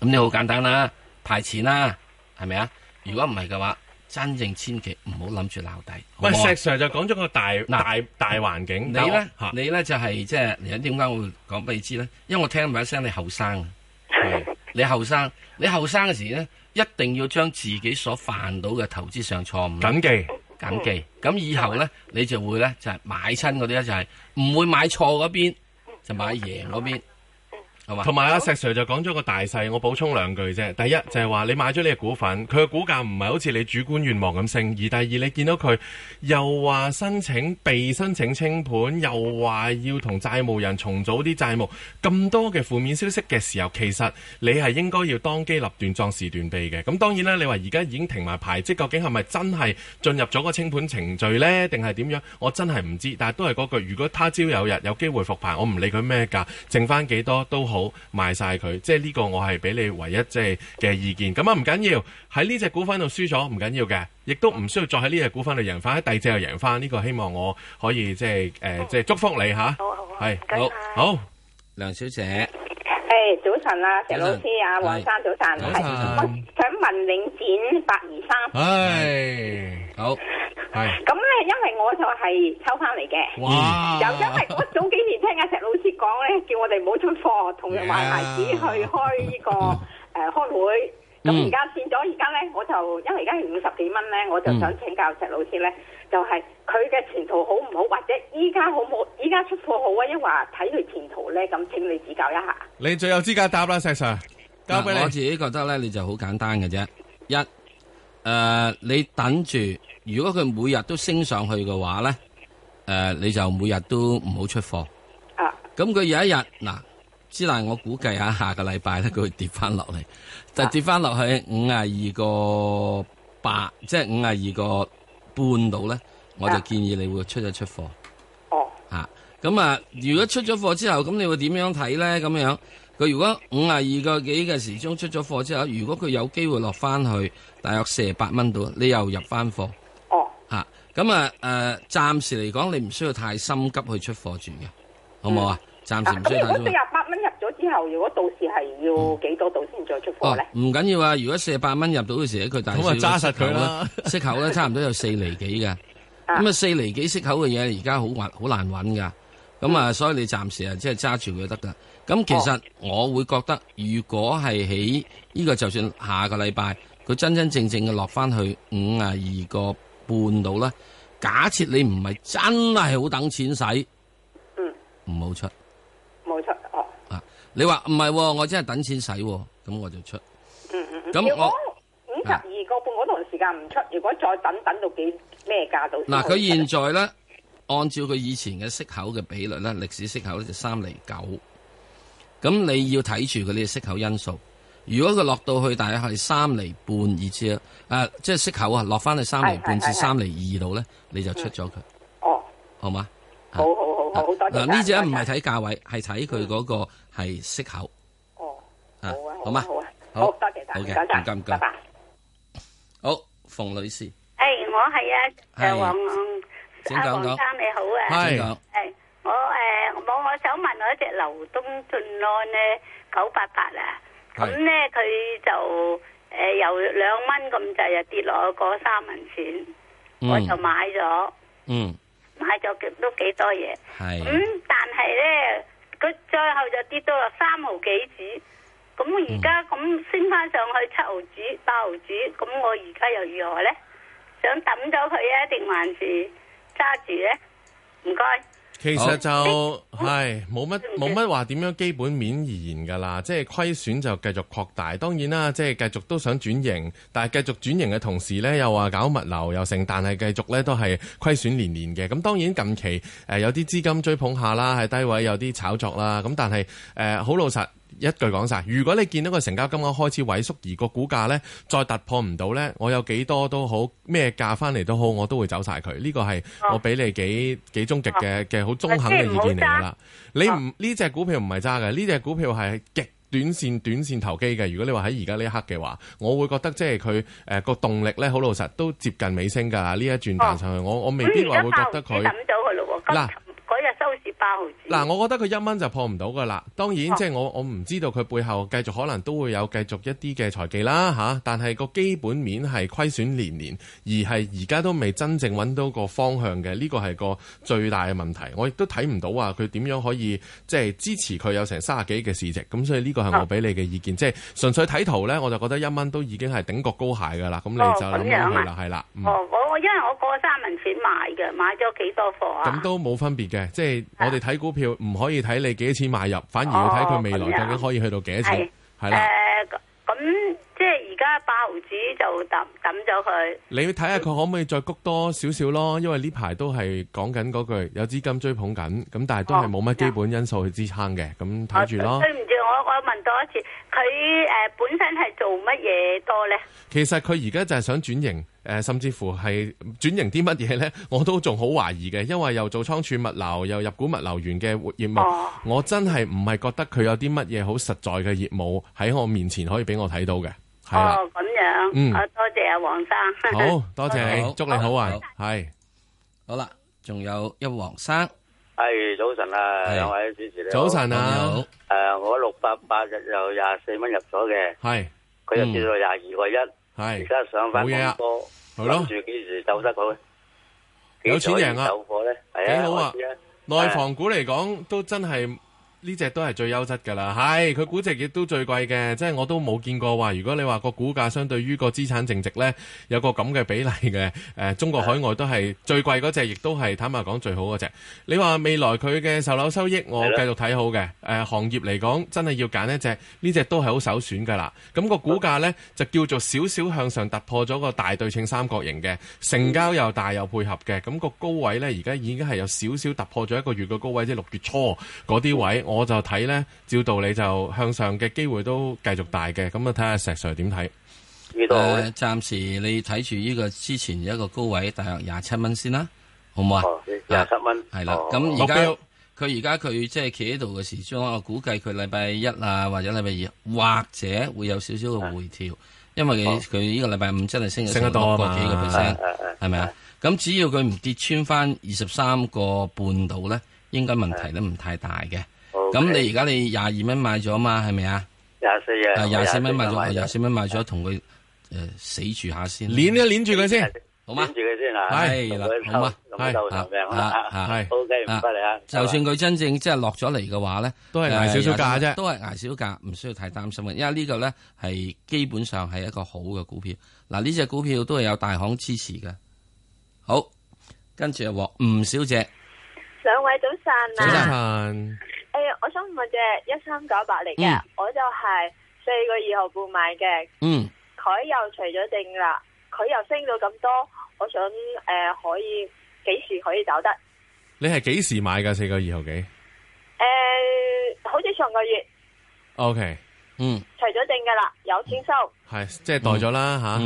你好簡單啦，派錢啦，係咪啊？如果唔係嘅話，真正千祈唔好諗住鬧底。好好喂，石 Sir 就講咗個大大大環境，你咧吓，你咧就係即係點解我會講俾你知咧？因為我聽埋一聲你後生，你後生，你後生嘅時咧，一定要將自己所犯到嘅投資上錯誤謹記謹記。咁記以後咧，你就會咧就係、是、買親嗰啲咧就係、是、唔會買錯嗰邊，就買贏嗰邊。同埋阿石 Sir 就講咗個大細，我補充兩句啫。第一就係話你買咗你嘅股份，佢嘅股價唔係好似你主觀願望咁升；而第二，你見到佢又話申請、被申請清盤，又話要同債務人重組啲債務，咁多嘅負面消息嘅時候，其實你係應該要當機立斷、壯士斷臂嘅。咁當然啦，你話而家已經停埋牌，即究竟係咪真係進入咗個清盤程序呢？定係點樣？我真係唔知。但係都係嗰句，如果他朝有日有機會復牌，我唔理佢咩價，剩翻幾多都好。賣晒佢，即係呢個我係俾你唯一即係嘅意見。咁啊，唔緊要，喺呢隻股份度輸咗唔緊要嘅，亦都唔需要再喺呢隻股份度贏翻，喺第二隻又贏翻。呢個希望我可以即係誒，即係祝福你吓。係。好，好，梁小姐。誒，早晨啦，石老師啊，黃生早晨。係想問領展八二三。好係咁咧，因為我就係抽翻嚟嘅。哇！又因為我早幾年聽阿石老師講咧，叫我哋唔好出貨，同埋孩子去開呢，這個誒、呃、開會。咁而家變咗，而家咧我就因為而家係五十幾蚊咧，我就想請教石老師咧，嗯、就係佢嘅前途好唔好，或者依家好冇？依家出貨好啊？抑或睇佢前途咧，咁請你指教一下。你最有資格答啦，石 Sir。交俾你。嗱，我自己覺得咧，你就好簡單嘅啫，一。誒，uh, 你等住，如果佢每日都升上去嘅話咧，誒、uh,，你就每日都唔好出貨。啊，咁佢有一日嗱、啊，之難我估計下下個禮拜咧，佢會跌翻落嚟，但、啊、跌翻落去五廿二個八，即係五廿二個半度咧，啊、我就建議你會出一出貨。哦、啊，吓，咁啊，如果出咗貨之後，咁你會點樣睇咧？咁樣，佢如果五廿二個幾嘅時候出咗貨之後，如果佢有機會落翻去。大約四十八蚊度，你又入翻貨哦。吓咁、oh. 啊，誒、啊，暫時嚟講，你唔需要太心急去出貨住嘅，好唔好、mm. 啊？暫時唔需要。四十八蚊入咗之後，如果到時係要幾多度先再出貨咧？唔緊要啊！如果四十八蚊入到嘅時候佢大要，咁啊揸實佢啦。息口咧差唔多有四厘幾嘅，咁 啊四厘幾息口嘅嘢而家好滑好難揾噶，咁啊、mm. 所以你暫時啊即係揸住佢就得噶。咁其實我會覺得，如果係喺呢個就算下個禮拜。佢真真正正嘅落翻去五啊二個半度咧，假設你唔係真係好等錢使，嗯，唔好出，冇出哦。啊，你話唔係，我真係等錢使、哦，咁我就出。嗯嗯。咁、嗯、那我五十二個半嗰段時間唔出，如果再等等，等到幾咩價度？嗱，佢現在咧，嗯、按照佢以前嘅息口嘅比率咧，歷史息口咧就三厘九，咁你要睇住佢啲息口因素。如果佢落到去，大約係三厘半二之，啊，即係息口啊，落翻去三厘半至三厘二度咧，你就出咗佢。哦，好嘛？好好好好，多謝。嗱呢隻唔係睇價位，係睇佢嗰個係息口。哦，好啊，好嘛？好啊，好多謝大家。好嘅，唔該，拜拜。好，馮女士。誒，我係啊，誒，黃阿黃生你好啊。係。誒，我誒，我我想問我一隻劉東俊案咧，九八八啊。咁咧佢就誒、呃、由兩蚊咁滯啊跌落個三文錢，嗯、我就買咗，嗯、買咗都幾多嘢。咁是、嗯、但係咧，佢最後就跌到啊三毫幾紙，咁而家咁升翻上去七毫紙、八毫紙，咁我而家又如何咧？想抌咗佢啊，定還是揸住咧？唔該。其實就係冇乜冇乜話點樣基本面而言㗎啦，即係虧損就繼續擴大。當然啦，即係繼續都想轉型，但係繼續轉型嘅同時呢，又話搞物流又成，但係繼續呢都係虧損連連嘅。咁當然近期誒、呃、有啲資金追捧下啦，喺低位有啲炒作啦。咁但係誒好老實。一句講晒，如果你見到個成交金額開始萎縮，而個股價咧再突破唔到咧，我有幾多都好，咩價返嚟都好，我都會走晒佢。呢個係我俾你幾幾終極嘅嘅好中肯嘅意見嚟㗎啦。你唔呢隻股票唔係揸嘅，呢隻股票係極短線短線投機嘅。如果你話喺而家呢一刻嘅話，我會覺得即係佢誒個動力咧好老實都接近尾聲㗎。呢一轉彈上去，我我未必話會覺得佢。嗱，我覺得佢一蚊就破唔到噶啦。當然，哦、即係我我唔知道佢背後繼續可能都會有繼續一啲嘅財技啦嚇、啊。但係個基本面係虧損連連，而係而家都未真正揾到個方向嘅。呢、這個係個最大嘅問題。我亦都睇唔到話佢點樣可以即係支持佢有成三十幾億嘅市值。咁所以呢個係我俾你嘅意見。哦、即係純粹睇圖呢，我就覺得一蚊都已經係頂個高鞋噶、哦、啦。咁你就係啦，係啦。哦，我、嗯、因為我過身。賣嘅，買咗幾多貨啊？咁都冇分別嘅，即係我哋睇股票唔可以睇你幾多錢買入，反而要睇佢未來究竟可以去到幾多錢，係啦、哦。誒、啊，咁的、呃、即係而家八毫紙就抌抌咗佢。你要睇下佢可唔可以再谷多少少咯？因為呢排都係講緊嗰句，有資金追捧緊，咁但係都係冇乜基本因素去支撐嘅，咁睇住咯。我我問多一次，佢誒本身係做乜嘢多咧？其實佢而家就係想轉型，誒甚至乎係轉型啲乜嘢咧？我都仲好懷疑嘅，因為又做倉儲物流，又入股物流員嘅業務，我真係唔係覺得佢有啲乜嘢好實在嘅業務喺我面前可以俾我睇到嘅。係啦，咁樣，嗯，多謝阿黃生，好多謝，祝你好運，係好啦，仲有一黃生。係早晨啊，兩位主持早晨啊，誒，我六百八日又廿四蚊入咗嘅。係。佢又跌到廿二個一。係。而家上翻好多。係咯。住幾時走得去？有錢贏啊！走貨咧，幾好啊！內房股嚟講，都真係。呢隻都係最優質㗎啦，係、哎、佢估值亦都最貴嘅，即係我都冇見過話。如果你話個股價相對於個資產淨值呢，有個咁嘅比例嘅，誒、呃、中國海外都係最貴嗰隻，亦都係坦白講最好嗰隻。你話未來佢嘅售樓收益我繼，我繼續睇好嘅。誒、呃、行業嚟講，真係要揀一隻，呢隻都係好首選㗎啦。咁、那個股價呢，就叫做少少向上突破咗個大對稱三角形嘅，成交又大又配合嘅。咁、那個高位呢，而家已經係有少少突破咗一個月嘅高位，即係六月初嗰啲位。嗯。我就睇咧，照道理就向上嘅機會都繼續大嘅。咁啊，睇下石 Sir 點睇？呢度暫時你睇住呢個之前一個高位，大約廿七蚊先啦，好唔好啊？廿七蚊係啦。咁而家佢而家佢即係企喺度嘅時鐘，我估計佢禮拜一啊，或者禮拜二或者會有少少嘅回調，因為佢佢呢個禮拜五真係升咗多個幾個 percent，係咪啊？咁只要佢唔跌穿翻二十三個半度咧，應該問題都唔太大嘅。咁你而家你廿二蚊買咗嘛係咪啊？廿四日，廿四蚊買咗，廿四蚊買咗，同佢誒死住下先，捻一捻住佢先，好嘛？住佢先啊，係好嘛？係啊，好嘅，唔該你啊。就算佢真正即係落咗嚟嘅話咧，都係挨少少價啫，都係挨少價，唔需要太擔心嘅，因為呢個咧係基本上係一個好嘅股票。嗱，呢隻股票都係有大行支持嘅。好，跟住阿黃吳小姐，兩位早晨啊！誒，我想問隻一三九八嚟嘅，我就係四個二號半買嘅，嗯，佢又除咗定啦，佢又升到咁多，我想誒、呃、可以幾時可以走得？你係幾時買嘅四個二號幾？誒、呃，好似上個月。O、okay, K，嗯，除咗定噶啦，有錢收。係，即係代咗啦吓，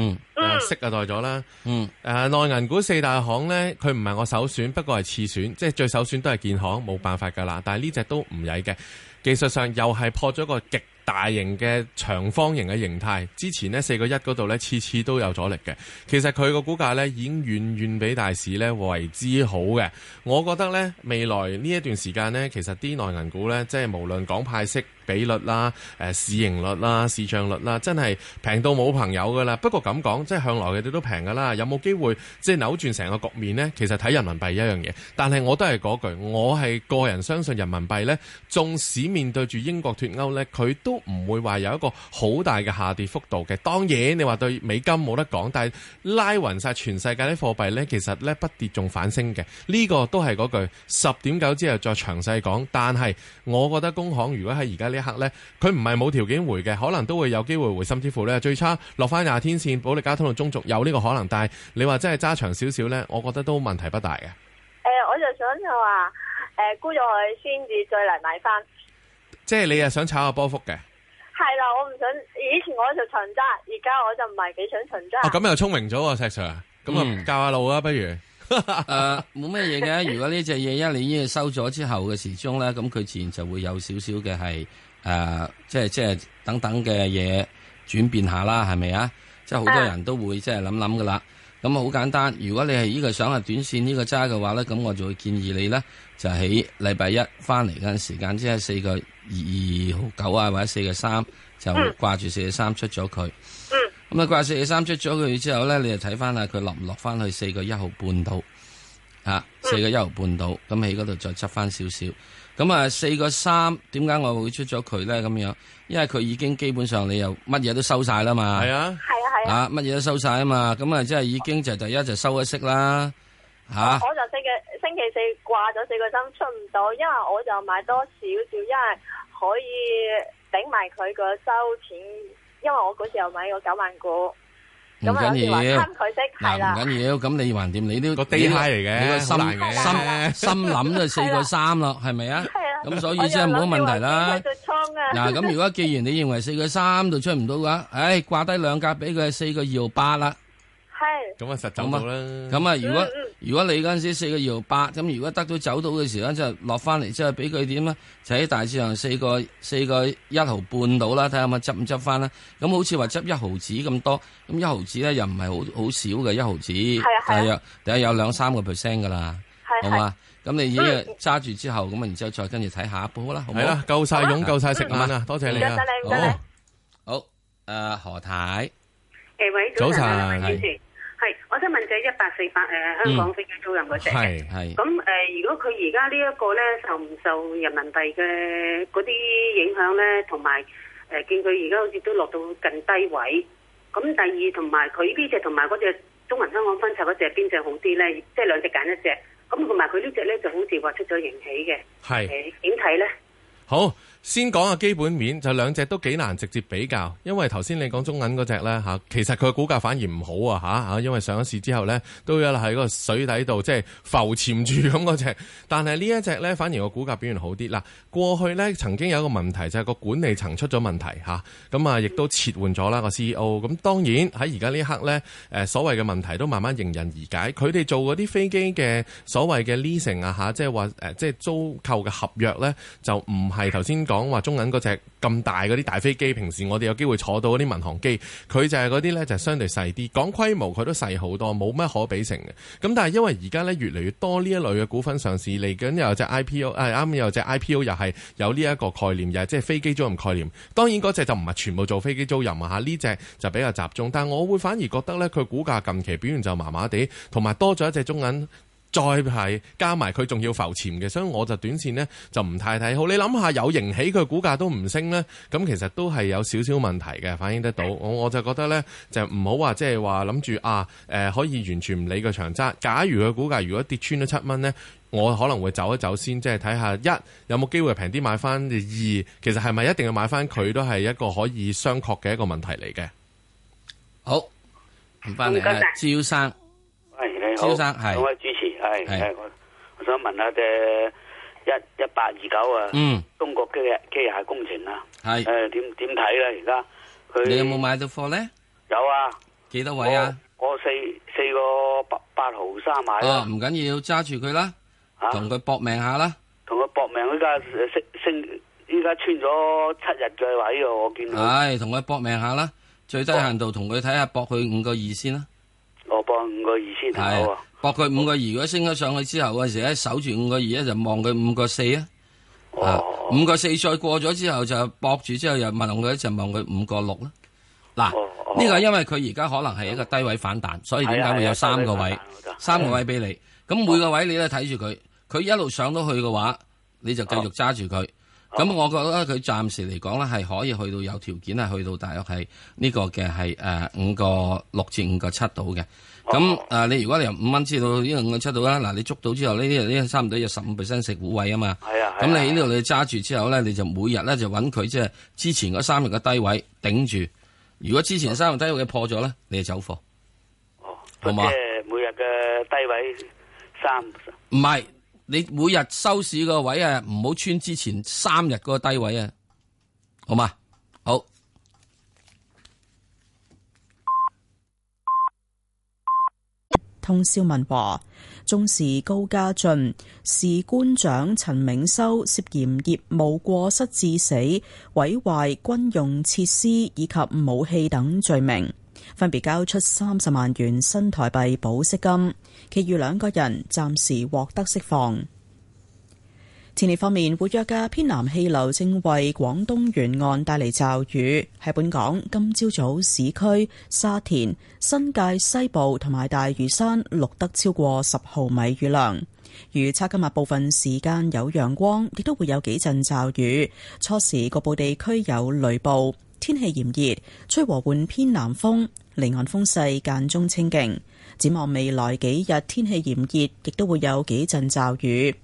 息啊代咗啦，誒、嗯呃，內銀股四大行呢，佢唔係我首選，不過係次選，即係最首選都係建行，冇辦法噶啦。但係呢隻都唔曳嘅，技術上又係破咗個極大型嘅長方形嘅形態。之前呢，四個一嗰度呢，次次都有阻力嘅。其實佢個股價呢，已經遠遠比大市呢為之好嘅。我覺得呢，未來呢一段時間呢，其實啲內銀股呢，即係無論港派息比率啦、誒市盈率啦、市賬率啦，真係平到冇朋友噶啦。不過咁講，即係向來佢哋都平噶啦。有冇機會即係扭轉成個局面咧？其實睇人民幣一樣嘢。但係我都係嗰句，我係個人相信人民幣咧，縱使面對住英國脱歐咧，佢都唔會話有一個好大嘅下跌幅度嘅。當然你話對美金冇得講，但係拉匀晒全世界啲貨幣咧，其實咧不跌仲反升嘅。呢、這個都係嗰句十點九之後再詳細講。但係我覺得工行如果喺而家，一刻咧，佢唔係冇條件回嘅，可能都會有機會回，甚至乎咧，最差落翻廿天線，保歷加通道嘅中軸有呢個可能。但係你話真係揸長少少咧，我覺得都問題不大嘅。誒、呃，我就想就話，誒、呃，估咗佢先至再嚟買翻。即係你又想炒下波幅嘅？係啦，我唔想以前我就長揸，而家我就唔係幾想長揸。哦、啊，咁又聰明咗，石 Sir，咁啊、嗯、教下路啊，不如。冇咩嘢嘅，如果呢隻嘢一年已經收咗之後嘅時鐘咧，咁佢自然就會有少少嘅係。誒、呃，即係即係等等嘅嘢轉變下啦，係咪啊？即係好多人都會即係諗諗噶啦。咁啊，好簡單。如果你係呢個想係短線呢個揸嘅話咧，咁我就會建議你咧，就喺禮拜一翻嚟嗰陣時間，即係四個二二號九啊，或者四個三就掛住四個三出咗佢。嗯。咁啊，掛四個三出咗佢之後咧，你就睇翻啦佢落唔落翻去四個一號半度啊？四個一號半度，咁喺嗰度再執翻少少。咁啊，四個三點解我會出咗佢咧？咁樣，因為佢已經基本上你又乜嘢都收晒啦嘛。係啊，係啊係啊了了。啊，乜嘢都收晒啊嘛，咁啊，即係已經就第一就收一息啦。吓，我就四嘅星期四掛咗四個三出唔到，因為我就買多少少，因為可以頂埋佢個收錢，因為我嗰時候買個九萬股。唔緊要，嗱唔緊要，咁你橫掂，你都個低拉嚟嘅，你個心心心諗就四個三咯，係咪啊？係啊，咁所以即係冇乜問題啦。嗱，咁如果既然你認為四個三就出唔到嘅，唉，掛低兩格俾佢四個二八啦。係。咁啊，實走咗啦。咁啊，如果。如果你嗰陣時四個二毫八，咁如果得咗走到嘅時候就落翻嚟，即係俾佢點咧？就喺大致上四個四個一毫半到啦，睇下可執唔執翻啦？咁好似話執一毫子咁多，咁一毫子咧又唔係好好少嘅一毫子，係啊，頂有兩三個 percent 噶啦，好嘛？咁你依家揸住之後，咁啊，然之後再跟住睇下一步啦，好啦，夠晒用，夠晒食啊！多謝你啊，好，好，誒，何太，誒，喂，早晨係，我想問就係一八四八，誒香港飛機租任嗰隻嘅，咁誒、嗯呃、如果佢而家呢一個咧受唔受人民幣嘅嗰啲影響咧？同埋誒見佢而家好似都落到近低位，咁第二同埋佢呢隻同埋嗰隻中銀香港分拆嗰隻邊隻好啲咧？即係兩隻揀一隻，咁同埋佢呢隻咧就好似話出咗盈喜嘅，係點睇咧？呃、呢好。先講下基本面，就兩隻都幾難直接比較，因為頭先你講中銀嗰隻呢，嚇，其實佢個股價反而唔好啊，嚇嚇，因為上市之後呢，都有喺個水底度即係浮潛住咁嗰隻，但係呢一隻呢，反而個股價表現好啲喇。過去呢，曾經有一個問題就係、是、個管理層出咗問題嚇，咁啊亦都撤換咗啦個 CEO，咁當然喺而家呢一刻呢，誒所謂嘅問題都慢慢迎刃而解，佢哋做嗰啲飛機嘅所謂嘅 leasing 啊嚇，即係話誒即係租購嘅合約呢，就唔係頭先講。講話中銀嗰隻咁大嗰啲大飛機，平時我哋有機會坐到嗰啲民航機，佢就係嗰啲呢，就相對細啲，講規模佢都細好多，冇乜可比性嘅。咁但係因為而家呢，越嚟越多呢一類嘅股份上市嚟緊、哎，又有隻 IPO，誒啱又有隻 IPO 又係有呢一個概念，又係即係飛機租賃概念。當然嗰隻就唔係全部做飛機租賃，又唔係呢隻就比較集中。但係我會反而覺得呢，佢股價近期表現就麻麻地，同埋多咗一隻中銀。再係加埋佢仲要浮潛嘅，所以我就短線呢，就唔太睇好。你諗下有盈喜佢股價都唔升呢，咁其實都係有少少問題嘅反映得到。的我我就覺得呢，就唔好話即係話諗住啊誒、呃、可以完全唔理個長揸。假如佢股價如果跌穿咗七蚊呢，我可能會走一走先，即係睇下，一有冇機會平啲買翻。二其實係咪一定要買翻佢都係一個可以商榷嘅一個問題嚟嘅。的好，唔翻嚟啊，招生，你好，招生係我我想問下隻一一八二九啊，中國機機械工程啦，誒點點睇咧？而家你有冇買到貨咧？有啊，幾多位啊？我四四個八八毫三買。唔緊要，揸住佢啦，同佢搏命下啦，同佢搏命。而家升升，而家穿咗七日再位啊！我見係，同佢搏命下啦，最低限度同佢睇下搏佢五個二先啦，我搏五個二先睇。博佢五個二，如果升咗上去之後嗰陣時咧，守住五個二咧就望佢五個四啊，五個四再過咗之後就博住之後，就之後又望佢就望佢五個六啦，啊。嗱，呢個因為佢而家可能係一個低位反彈，所以點解會有三個位，低低三個位俾你。咁的每個位你都睇住佢，佢一路上到去嘅話，你就繼續揸住佢。咁我覺得佢暫時嚟講咧，係可以去到有條件係去到大約係呢個嘅係誒五個六至五個七度嘅。咁啊、哦，你如果你由五蚊至到呢個五個七度啦，嗱你捉到之後呢啲呢差唔多有十五巴仙食糊位啊嘛。係啊。咁、啊、你喺呢度你揸住之後咧，你就每日咧就揾佢即係之前嗰三日嘅低位頂住。如果之前三日低位嘅破咗咧，你就走貨。哦。好嘛。即係每日嘅低位三。唔係。你每日收市個位啊，唔好穿之前三日嗰個低位啊，好嘛？好。通宵問話，中士高家俊、士官長陳明修涉嫌業務過失致死、毀壞軍用設施以及武器等罪名。分別交出三十萬元新台幣保釋金，其餘兩個人暫時獲得釋放。天氣方面，活躍嘅偏南氣流正為廣東沿岸帶嚟驟雨，喺本港今朝早，早市區、沙田、新界西部同埋大嶼山錄得超過十毫米雨量。預測今日部分時間有陽光，亦都會有幾陣驟雨，初時局部地區有雷暴。天氣炎熱，吹和緩偏南風，離岸風勢間中清勁。展望未來幾日天氣炎熱，亦都會有幾陣驟雨。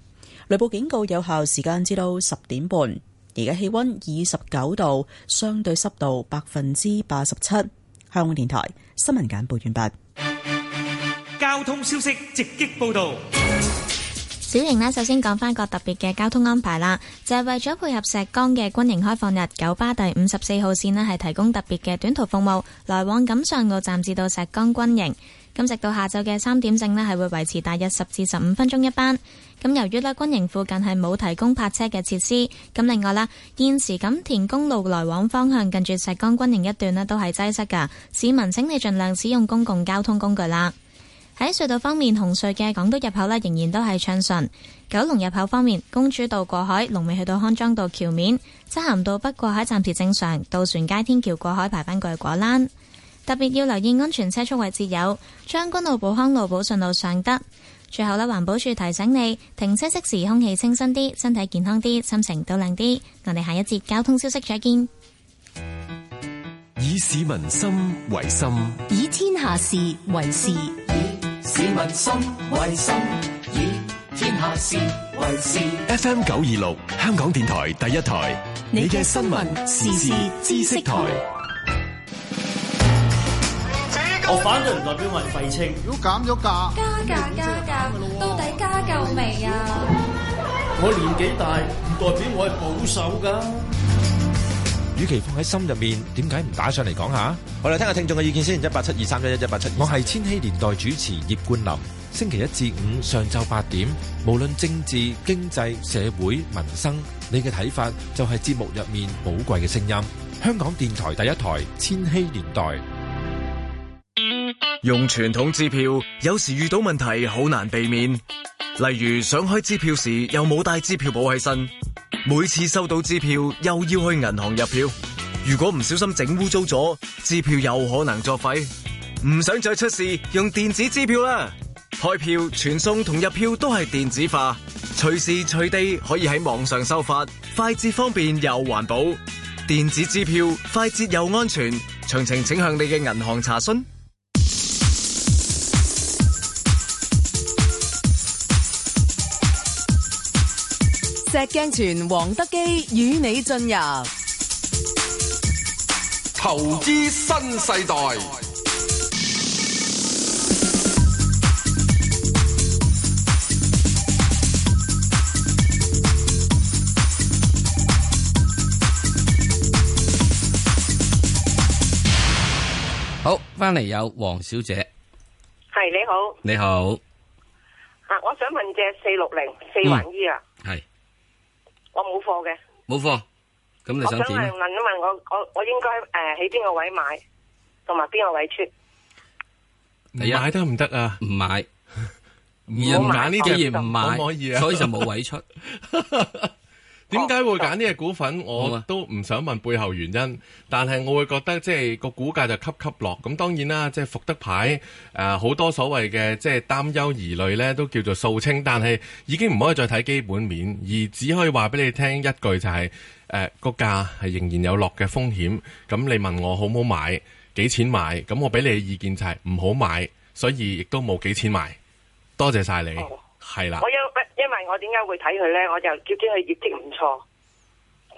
雷暴警告有效時間至到十點半。而家氣溫二十九度，相對濕度百分之八十七。香港電台新聞簡報完畢。交通消息直擊報道。小瑩呢，首先講返個特別嘅交通安排啦，就係為咗配合石崗嘅軍營開放日，九巴第五十四號綫呢係提供特別嘅短途服務，來往錦上路站至到石崗軍營。咁直到下晝嘅三點正呢，係會維持大約十至十五分鐘一班。咁由於咧軍營附近係冇提供泊車嘅設施，咁另外啦，現時錦田公路來往方向近住石崗軍營一段呢都係擠塞噶，市民請你盡量使用公共交通工具啦。喺隧道方面，紅隧嘅港島入口咧仍然都係暢順。九龍入口方面，公主道過海龍尾去到康莊道橋面，漆咸道北過海暫時正常。渡船街天橋過海排翻過去果欄。特別要留意安全車速位置有將軍澳寶康路、寶順路尚德。最後咧，環保署提醒你停車熄匙空氣清新啲，身體健康啲，心情都靚啲。我哋下一節交通消息再見。以市民心為心，以天下事為事。民心為心，以天下事為事。FM 九二六，香港電台第一台，你嘅新聞時事知識台。我反對唔代表我係廢青。如果減咗價，加價，加價，到底加夠未啊？我年紀大，唔代表我係保守噶。與其放喺心入面，點解唔打上嚟講下？我哋聽下聽眾嘅意見先，一八七二三一一一八七。我係千禧年代主持葉冠霖，星期一至五上晝八點，無論政治、經濟、社會、民生，你嘅睇法就係節目入面寶貴嘅聲音。香港電台第一台千禧年代。用傳統支票，有時遇到問題好難避免，例如想開支票時又冇帶支票簿起身，每次收到支票又要去銀行入票。如果唔小心整污糟咗，支票又可能作廢。唔想再出事，用電子支票啦！開票、傳送同入票都係電子化，隨時隨地可以喺網上收發，快捷方便又環保。電子支票快捷又安全，詳情請向你嘅銀行查詢。石鏡泉黃德幾與你進入，投資新世代。好，翻嚟有黃小姐，係。你好，你好。你好啊，我想問隻四六零四環醫啊。我冇貨嘅，冇貨，咁你想點？我想問一問，我我我應該誒喺邊個位買，同埋邊個位出？你買得唔得啊？唔買，唔買呢啲嘢唔買，所以就冇位出。點解會揀呢隻股份？我都唔想問背後原因，但係我會覺得即係個股價就吸吸落。咁當然啦，即係福德牌誒，好、呃、多所謂嘅即係擔憂疑慮呢都叫做掃清。但係已經唔可以再睇基本面，而只可以話俾你聽一句就係、是：誒、呃，個價係仍然有落嘅風險。咁你問我好唔好買？幾錢買？咁我俾你嘅意見就係唔好買，所以亦都冇幾錢買。多謝晒你，係、哦、啦。因為我點解會睇佢咧？我就畢竟佢業績唔錯，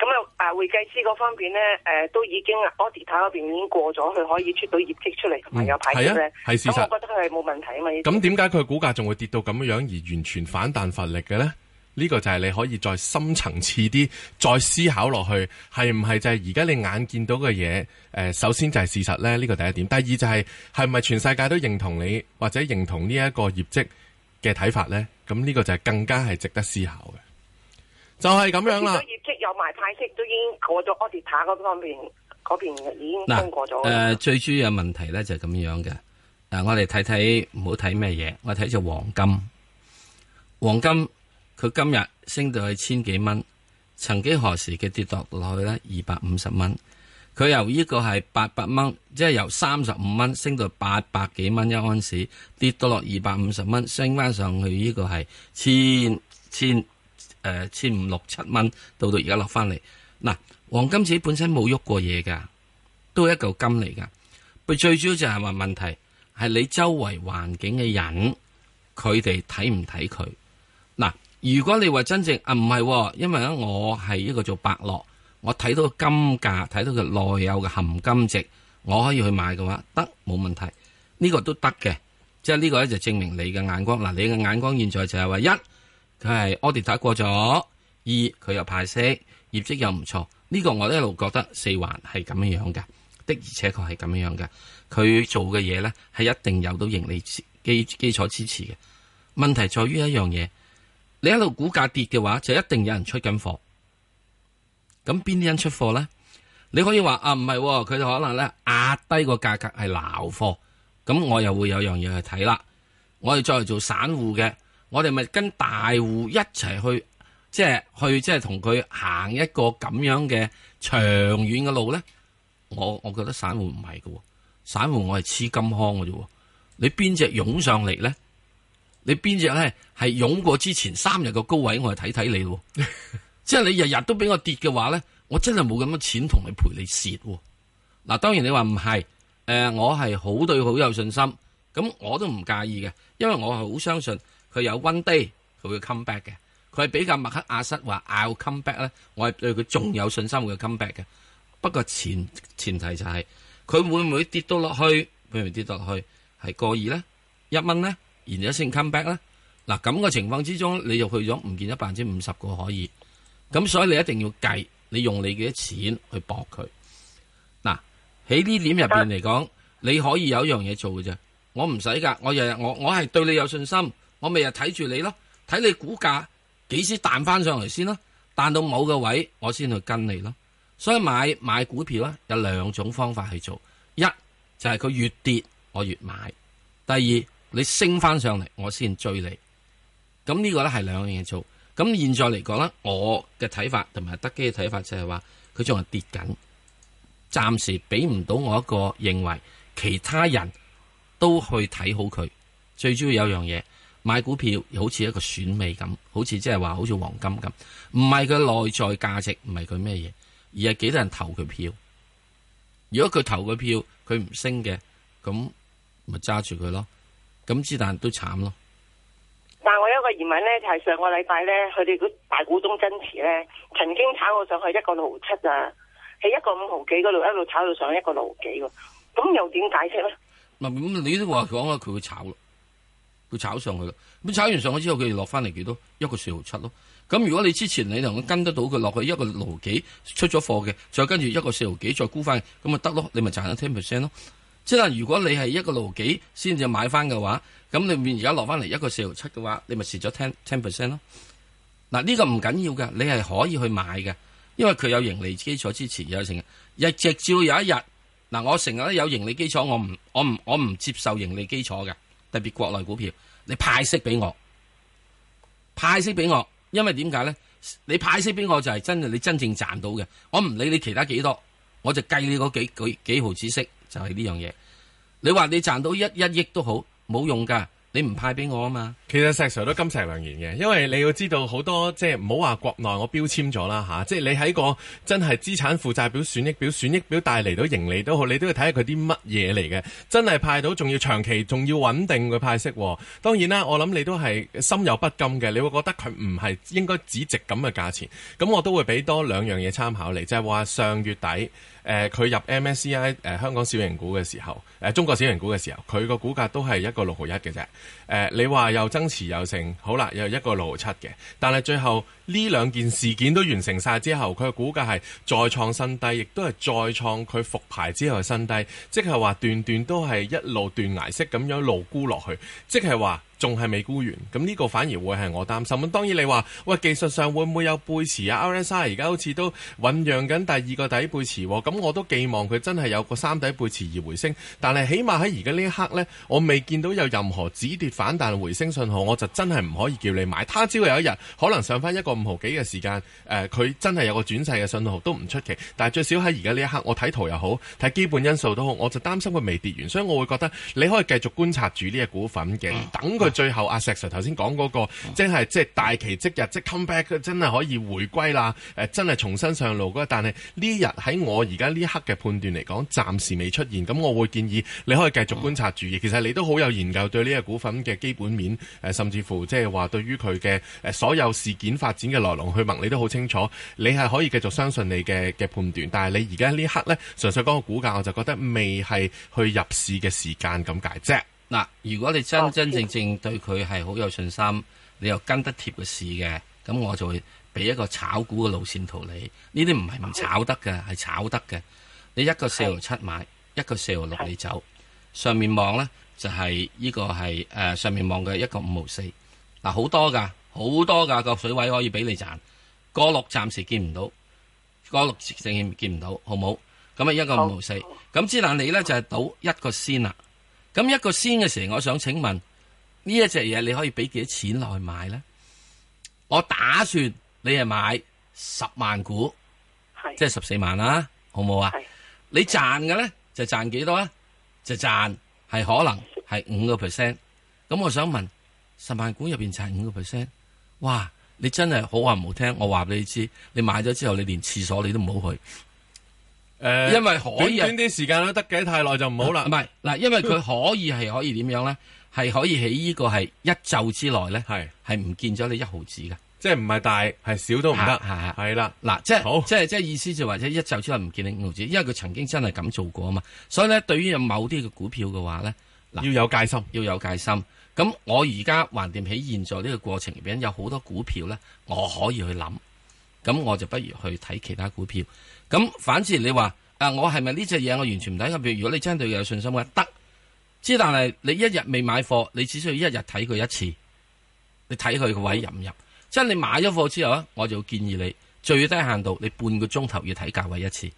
咁啊，會計師嗰方面咧，誒、呃、都已經 audit 嗰邊已經過咗佢可以出到業績出嚟，同埋、嗯、有牌嘅。係啊，係事實。咁我覺得佢係冇問題啊嘛。咁點解佢股價仲會跌到咁樣而完全反彈乏力嘅咧？呢、這個就係你可以再深層次啲再思考落去，係唔係就係而家你眼見到嘅嘢？誒、呃，首先就係事實咧，呢、這個第一點。第二就係係咪全世界都認同你或者認同呢一個業績？嘅睇法咧，咁呢個就係更加係值得思考嘅，就係、是、咁樣啦、啊。業績有埋派息，都已經過咗 audit 塔嗰方面嗰邊已經通過咗。誒，最主要嘅問題咧就係咁樣嘅。嗱、啊，我哋睇睇，唔好睇咩嘢，我睇隻黃金。黃金佢今日升到去千幾蚊，曾幾何時嘅跌落落去咧二百五十蚊。佢由呢個係八百蚊，即係由三十五蚊升到八百幾蚊一安士，跌到落二百五十蚊，升翻上去呢個係千千誒千五六七蚊，到到而家落翻嚟。嗱，黃金紙本身冇喐過嘢㗎，都係一嚿金嚟㗎。佢最主要就係話問題係你周圍環境嘅人，佢哋睇唔睇佢？嗱，如果你話真正啊唔係，哦，因為咧我係一個做伯樂。我睇到金價，睇到佢內有嘅含金值，我可以去買嘅話，得冇問題。呢個都得嘅，即係呢個咧就證明你嘅眼光嗱。你嘅眼光現在就係話一，佢係 audit 過咗；二，佢又派息，業績又唔錯。呢個我都一路覺得四環係咁樣樣嘅，的而且確係咁樣樣嘅。佢做嘅嘢咧係一定有到盈利基基礎支持嘅。問題在於一樣嘢，你喺度股價跌嘅話，就一定有人出緊貨。咁邊啲人出貨咧？你可以話啊，唔係、哦，佢就可能咧壓低個價格係撈貨，咁我又會有樣嘢去睇啦。我哋再做散戶嘅，我哋咪跟大戶一齊去，即係去，即係同佢行一個咁樣嘅長遠嘅路咧。我我覺得散戶唔係嘅，散戶我係黐金腔嘅啫。你邊隻湧上嚟咧？你邊隻咧係湧過之前三日嘅高位，我係睇睇你咯。 即係你日日都俾我跌嘅話咧，我真係冇咁嘅錢同你賠你蝕。嗱，當然你話唔係誒，我係好對好有信心，咁我都唔介意嘅，因為我係好相信佢有 one day 佢會 come back 嘅。佢係比較麥克亞瑟話 out come back 咧，我係對佢仲有信心會 come back 嘅。不過前前提就係、是、佢會唔會跌到落去？譬如跌到落去係過二咧一蚊咧，然之後先 come back 咧。嗱咁嘅情況之中，你又去咗唔見咗百分之五十個可以。咁所以你一定要計，你用你嘅錢去搏佢。嗱喺呢點入邊嚟講，你可以有一樣嘢做嘅啫。我唔使噶，我日日我我係對你有信心，我咪日睇住你咯，睇你股價幾時彈翻上嚟先咯，彈到某個位我先去跟你咯。所以買買股票咧有兩種方法去做，一就係佢越跌我越買，第二你升翻上嚟我先追你。咁呢個咧係兩樣嘢做。咁現在嚟講咧，我嘅睇法同埋德基嘅睇法就係話，佢仲係跌緊，暫時俾唔到我一個認為，其他人都去睇好佢。最主要有樣嘢，買股票又好似一個選美咁，好似即係話好似黃金咁，唔係佢內在價值，唔係佢咩嘢，而係幾多人投佢票。如果佢投佢票，佢唔升嘅，咁咪揸住佢咯。咁之但都慘咯。但我因個疑問咧就係上個禮拜咧，佢哋個大股東增持咧，曾經炒到上去一個六毫七啊，喺一個五毫幾嗰度一路炒到上一個六毫幾喎，咁又點解釋咧？唔、嗯，咁你都話講佢會炒咯，佢炒上去啦。咁炒完上去之後，佢哋落翻嚟幾多？一個四毫七咯。咁、嗯、如果你之前你能夠跟得到佢落去一個六毫幾出咗貨嘅，再跟住一個四毫幾再沽翻，咁咪得咯？你咪賺咗 ten percent 咯。即係如果你係一個六幾先至買翻嘅話。咁你面而家落翻嚟一個四毫七嘅話，你咪蝕咗 ten ten percent 咯。嗱，呢個唔緊要嘅，你係可以去買嘅，因為佢有盈利基礎支持，有成日。直至有一日嗱，我成日都有盈利基礎，我唔我唔我唔接受盈利基礎嘅，特別國內股票，你派息俾我派息俾我，因為點解咧？你派息俾我就係真係你真正賺到嘅，我唔理你其他幾多，我就計你嗰幾幾幾毫子息就係呢樣嘢。你話你賺到一一億都好。冇用噶，你唔派俾我啊嘛。其實石 Sir 都金石良言嘅，因為你要知道好多即係唔好話國內我標籤咗啦吓，即係你喺個真係資產負債表、損益表、損益表帶嚟到盈利都好，你都要睇下佢啲乜嘢嚟嘅。真係派到仲要長期仲要穩定嘅派息。哦，當然啦，我諗你都係心有不甘嘅，你會覺得佢唔係應該只值咁嘅價錢。咁我都會俾多兩樣嘢參考嚟，就係話上月底。誒佢、呃、入 MSCI 誒、呃、香港小型股嘅時候，誒、呃、中國小型股嘅時候，佢個股價都係一個六毫一嘅啫。誒、呃、你話又增持又成，好啦，又一個六毫七嘅。但係最後呢兩件事件都完成晒之後，佢嘅股價係再創新低，亦都係再創佢復牌之後嘅新低，即係話段段都係一路斷崖式咁樣一路沽落去，即係話。仲係未沽完，咁呢個反而會係我擔心。咁當然你話，喂，技術上會唔會有背馳啊？RSI 而家好似都醖釀緊第二個底背馳、啊，咁我都寄望佢真係有個三底背馳而回升。但係起碼喺而家呢一刻呢，我未見到有任何止跌反彈回升信號，我就真係唔可以叫你買。他朝有一日可能上返一個五毫幾嘅時間，誒、呃、佢真係有個轉勢嘅信號都唔出奇。但係最少喺而家呢一刻，我睇圖又好，睇基本因素都好，我就擔心佢未跌完，所以我會覺得你可以繼續觀察住呢個股份嘅，等佢。最後阿石 Sir 頭先講嗰個，即係即係大旗即日即 come back，真係可以回歸啦。誒，真係重新上路，但係呢日喺我而家呢刻嘅判斷嚟講，暫時未出現。咁我會建議你可以繼續觀察住，注意。其實你都好有研究對呢個股份嘅基本面，誒，甚至乎即係話對於佢嘅誒所有事件發展嘅來龍去脈，你都好清楚。你係可以繼續相信你嘅嘅判斷，但係你而家呢刻呢，純粹講個股價，我就覺得未係去入市嘅時間咁解啫。嗱，如果你真真正正對佢係好有信心，你又跟得貼嘅事嘅，咁我就會俾一個炒股嘅路線圖你。呢啲唔係唔炒得嘅，係炒得嘅。你一個四毫七買，的一個四毫六你走。上面望咧就係、是、呢個係誒、呃、上面望嘅一個五毫四。嗱、啊，好多噶，好多噶個水位可以俾你賺。個六暫時見唔到，個六正欠見唔到，好冇？咁啊，一個五毫四。咁只能你咧就係、是、賭一個先啦。咁一個先嘅時，我想請問呢一隻嘢你可以俾幾多錢落去買咧？我打算你係買十萬股，是即係十四萬啦、啊，好唔好啊？是你賺嘅咧就賺幾多？啊？就賺係可能係五個 percent。咁我想問十萬股入邊賺五個 percent，哇！你真係好話唔好聽，我話俾你知，你買咗之後你連廁所你都唔好去。誒，呃、因為可以短啲時間咯，得嘅；太耐就唔好啦。唔係嗱，因為佢可以係可以點樣咧？係可以喺呢個係一周之內咧，係係唔見咗你一毫子嘅，即係唔係大，係少都唔得，係係。係啦，嗱，即係好，即係即係意思就或者一周之內唔見你五毫子，因為佢曾經真係咁做過啊嘛。所以咧，對於有某啲嘅股票嘅話咧，嗱、啊，要有戒心，要有戒心。咁我而家橫掂起現在呢個過程裏面，變有好多股票咧，我可以去諗。咁我就不如去睇其他股票。咁反之你，你話，誒，我係咪呢隻嘢？我完全唔睇。譬如，如果你真對佢有信心嘅，得之。但係你一日未買貨，你只需要一日睇佢一次。你睇佢個位入唔入？嗯，即係你買咗貨之後咧，我就建議你最低限度你半個鐘頭要睇價位一次。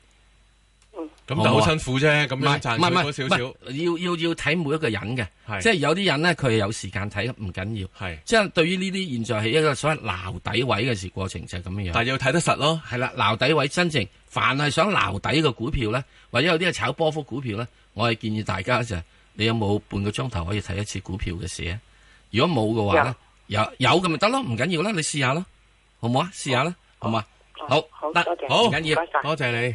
咁就好辛苦啫，咁樣賺少少少，要要要睇每一個人嘅，即係有啲人咧，佢有時間睇唔緊要，係即係對於呢啲現在係一個所謂撈底位嘅事過程就係咁樣。但係要睇得實咯，係啦，撈底位真正凡係想撈底嘅股票咧，或者有啲係炒波幅股票咧，我係建議大家就係，你有冇半個鐘頭可以睇一次股票嘅事啊？如果冇嘅話咧，有有咁咪得咯，唔緊要啦，你試下啦，好唔好啊？試下啦，好嘛？好，多謝，唔緊要，多謝你。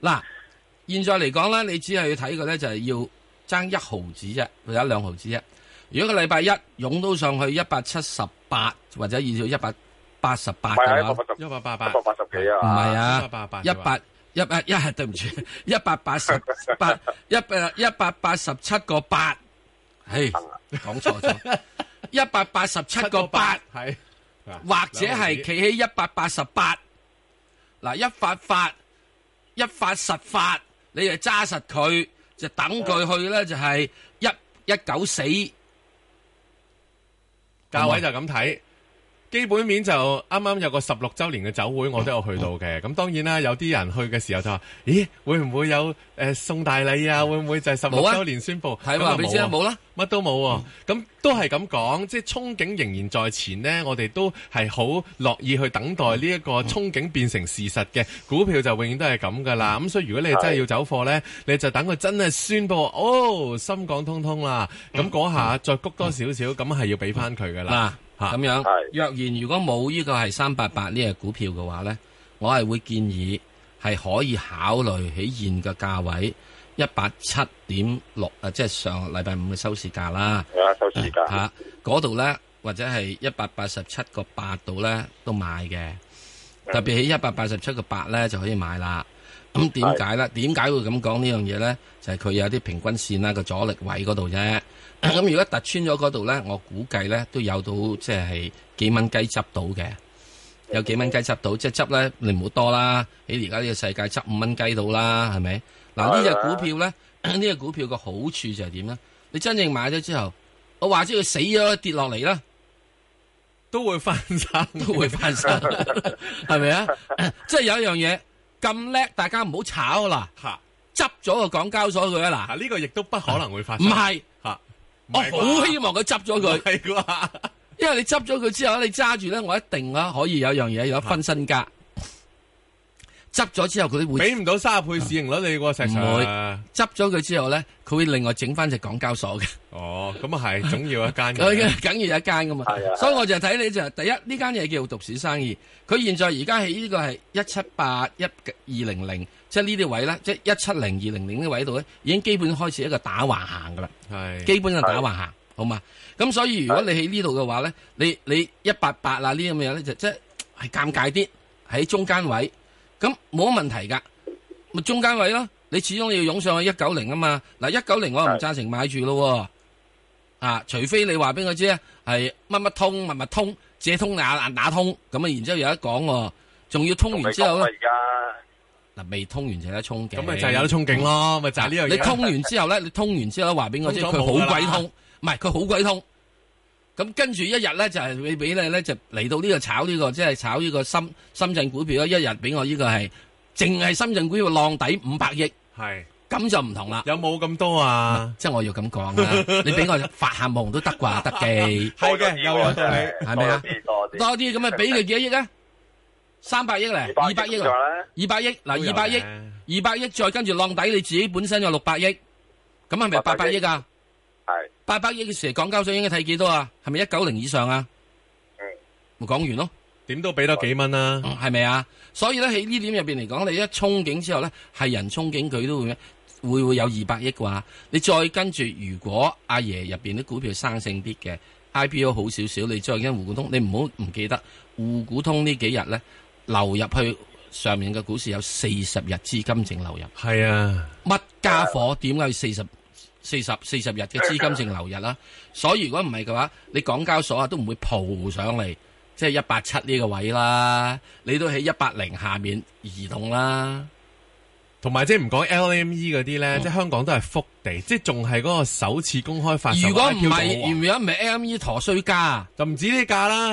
嗱， 現在嚟講咧，你只係要睇過咧，就係、是、要爭一毫子啫，或者兩毫子啫。如果個禮拜一湧到上去一百七十八，或者二到一百八十八嘅話，一百八十八，一百八十幾啊？唔係 18 8, 啊，一百八一百一一，18, 對唔住，一百八十八，一誒一百八十七個八，係講錯咗，一百八十七個八係，或者係企喺一百八十八，嗱一八八。一發十發，你就揸實佢，就等佢去咧，就係一一九四嗎教位就咁睇。基本面就啱啱有個十六周年嘅酒會，我都有去到嘅。咁當然啦，有啲人去嘅時候就話，咦，會唔會有誒送、呃、大禮啊？會唔會就係十六周年宣布咁你知啊，冇啦、啊、乜、啊、都冇、啊。咁、嗯、都係咁講，即係憧憬仍然在前呢。我哋都係好樂意去等待呢一個憧憬變成事實嘅股票，就永遠都係咁噶啦。咁所以如果你真係要走貨呢，你就等佢真係宣布，哦，深港通通啦。咁嗰下再谷多少少，咁係、嗯嗯、要俾翻佢噶啦。嗯咁樣，的若然如果冇呢個係三八八呢隻股票嘅話呢，嗯、我係會建議係可以考慮喺現嘅價位一百八十七點六啊，即、就、係、是、上禮拜五嘅收市價啦。嗯啊、收市價嚇嗰度呢，或者係一百八十七個八度呢都買嘅，嗯、特別喺一百八十七個八呢就可以買啦。咁點解呢？點解的會咁講呢樣嘢呢？就係、是、佢有啲平均線啦，個阻力位嗰度啫。咁如果突穿咗嗰度咧，我估計咧都有到即係幾蚊雞執到嘅，有幾蚊雞執到，即係執咧你唔好多啦。喺而家呢個世界執五蚊雞到啦，係咪？嗱呢隻股票咧，呢隻股票個好處就係點咧？你真正買咗之後，我話知佢死咗跌落嚟，啦都會翻生，都會翻生，係咪啊？即係有一樣嘢咁叻，大家唔好炒啦。執咗個港交所佢啊嗱，呢個亦都不可能會發生。唔係。我好希望佢執咗佢，係因為你執咗佢之後你揸住咧，我一定啦可以有樣嘢，有一分身家。執咗的之後，佢會俾唔到三十倍市盈率你喎，石 Sir。唔會，執咗佢之後咧，佢會另外整翻隻港交所嘅。哦，咁啊係，總要一間，嘅，梗要一間噶嘛。的所以我就睇你就第一呢間嘢叫獨市生意，佢現在而家喺呢個係一七八一二零零。即係呢啲位咧，即係一七零二零零呢位度咧，已經基本開始一個打橫行噶啦，係是基本上打橫行，是好嘛？咁所以如果你喺呢度嘅話咧，你你一八八啊呢啲咁嘅嘢咧，就即係係尷尬啲，喺中間位，咁冇乜問題㗎，咪中間位咯。你始終要湧上去一九零啊嘛。嗱一九零我又唔贊成買住咯，啊，是啊除非你話俾我知係乜乜通乜乜通借通打打通咁啊，然之後有得講喎，仲要通完之後咧。未通完就有得憧憬，咁咪就係有得憧憬咯，咪就係呢樣嘢。你通完之後咧，你通完之後咧，話俾我知佢好鬼通，唔係佢好鬼通。咁跟住一日咧就係會俾你咧就嚟到呢個炒呢個，即係炒呢個深深圳股票咯。一日俾我呢個係淨係深圳股票浪底五百億，係咁就唔同啦。有冇咁多啊？即係我要咁講啦，你俾我發下夢都得啩，得嘅。係嘅，又有，係咪啊？多啲，多啲，多啲咁啊！俾佢幾多億啊？三百億咧，二百億，二百億，嗱二百億，二百億再跟住浪底，你自己本身有六百億，咁係咪八百億啊？係八百億嘅時候，港交所應該睇幾多啊？係咪一九零以上啊？咪講、嗯、完咯。點都俾多幾蚊啦、啊，係咪、嗯、啊？所以咧喺呢點入邊嚟講，你一憧憬之後咧，係人憧憬佢都會會會有二百億啩？你再跟住，如果阿爺入邊啲股票生性啲嘅 IPO 好少少，你再跟滬股通，你唔好唔記得滬股通呢幾日咧。流入去上面嘅股市有四十日資金淨流入，係啊，乜傢伙點解要四十、四十、四十日嘅資金淨流入啦？所以如果唔係嘅話，你港交所啊都唔會蒲上嚟，即係一八七呢個位啦，你都喺一八零下面移動啦。同埋即係唔講 LME 嗰啲咧，嗯、即係香港都係福地，即係仲係嗰個首次公開發售 IPO，如果唔係，如果唔係 LME 陀衰家，唔止呢價啦，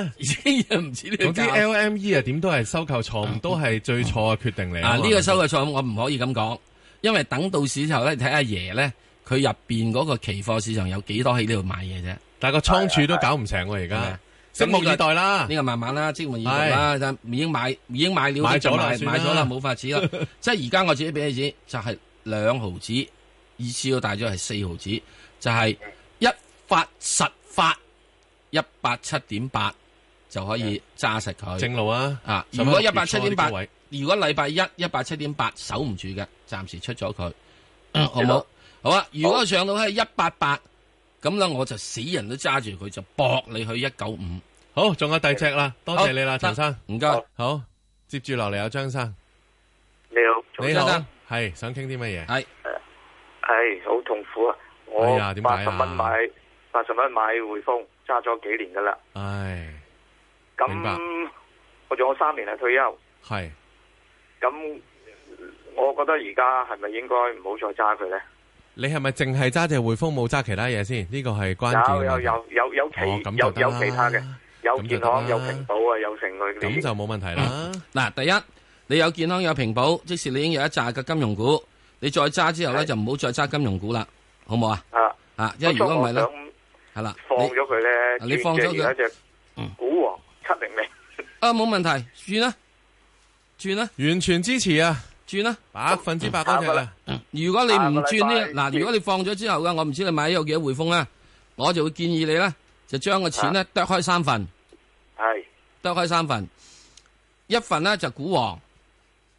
而唔 止呢啲 LME 啊，點都係收購錯誤，都係最錯嘅決定嚟。啊，呢、這個收購錯誤我唔可以咁講，因為等到市後咧，睇阿爺咧，佢入邊嗰個期貨市場有幾多喺呢度買嘢啫。但係個倉儲都搞唔成喎，而家。拭目以待啦，呢個慢慢啦，拭目以待啦，就已經買，已經買了，買咗啦，冇法子啦。即係而家我自己俾你知，就係兩毫紙，意思要大咗係四毫紙，就係一發實發一百七點八就可以揸實佢。正路啊！啊，如果一百七點八，如果禮拜一一百七點八守唔住嘅，暫時出咗佢。好冇好啊！如果上到係一百八。咁啦，我就死人都揸住佢，就搏你去一九五。好，仲有第二隻啦，多謝你啦，陳好生，唔該謝。好，接住落嚟啊，張生。你好，生啊，你好，係想傾啲乜嘢？係是，係好、呃、痛苦啊！我八十蚊買，八十蚊買匯豐，揸咗幾年噶啦。唉，那明白。我仲有三年係退休。係是。咁，我覺得而家係咪應該唔好再揸佢咧？你係咪淨係揸隻匯豐冇揸其他嘢？先？呢個係關鍵。有有有有有其有有其他嘅，有健康有平保啊，有剩佢。咁就冇問題啦。嗱，第一，你有健康有平保，即使你已經有一紮嘅金融股，你再揸之後咧，就唔好再揸金融股啦，好唔好啊？啊啊，因為如果唔係咧，係啦，放咗佢咧，轉嘅而家隻股王七零零啊，冇問題，轉啦，轉啦，完全支持啊！轉啦，百分之百都得。如果你唔轉呢，嗱 forced、哎，如果你放咗之後嘅，我唔知你買咗有幾多匯豐啦，我就會建議你咧，就將個錢咧剁開三份。係，剁開三份，一份咧就股王，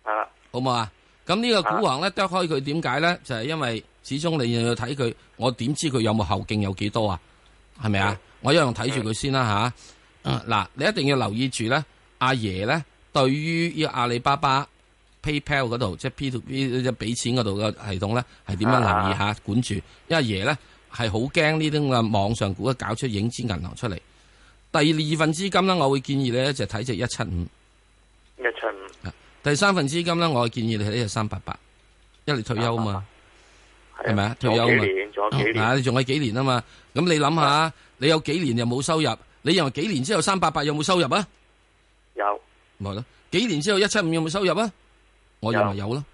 啊，好唔好啊？咁呢個股王咧剁開佢，點解咧？就係因為始終你要睇佢，我點知佢有冇後勁有幾多啊？係咪啊？我一樣睇住佢先啦吓。嗱，你一定要留意住咧，阿爺咧，對於要阿里巴巴。PayPal 嗰度即係 P to P 即係俾錢嗰度嘅系統咧，係點樣留意下？管住？因為爺咧係好驚呢啲咁嘅網上股啊，搞出影子銀行出嚟。第二份資金咧，我會建議你咧就睇隻一七五。一七五。第三份資金咧，我建議你睇隻三八八，因為你退休嘛，係咪啊？退休嘛。幾年？仲有幾年？啊，仲有幾年啊嘛？咁你諗下，你有幾年又冇收入？你認為幾年之後三八八有冇收入啊？有。咪咯，幾年之後一七五有冇收入啊？我認為有咯，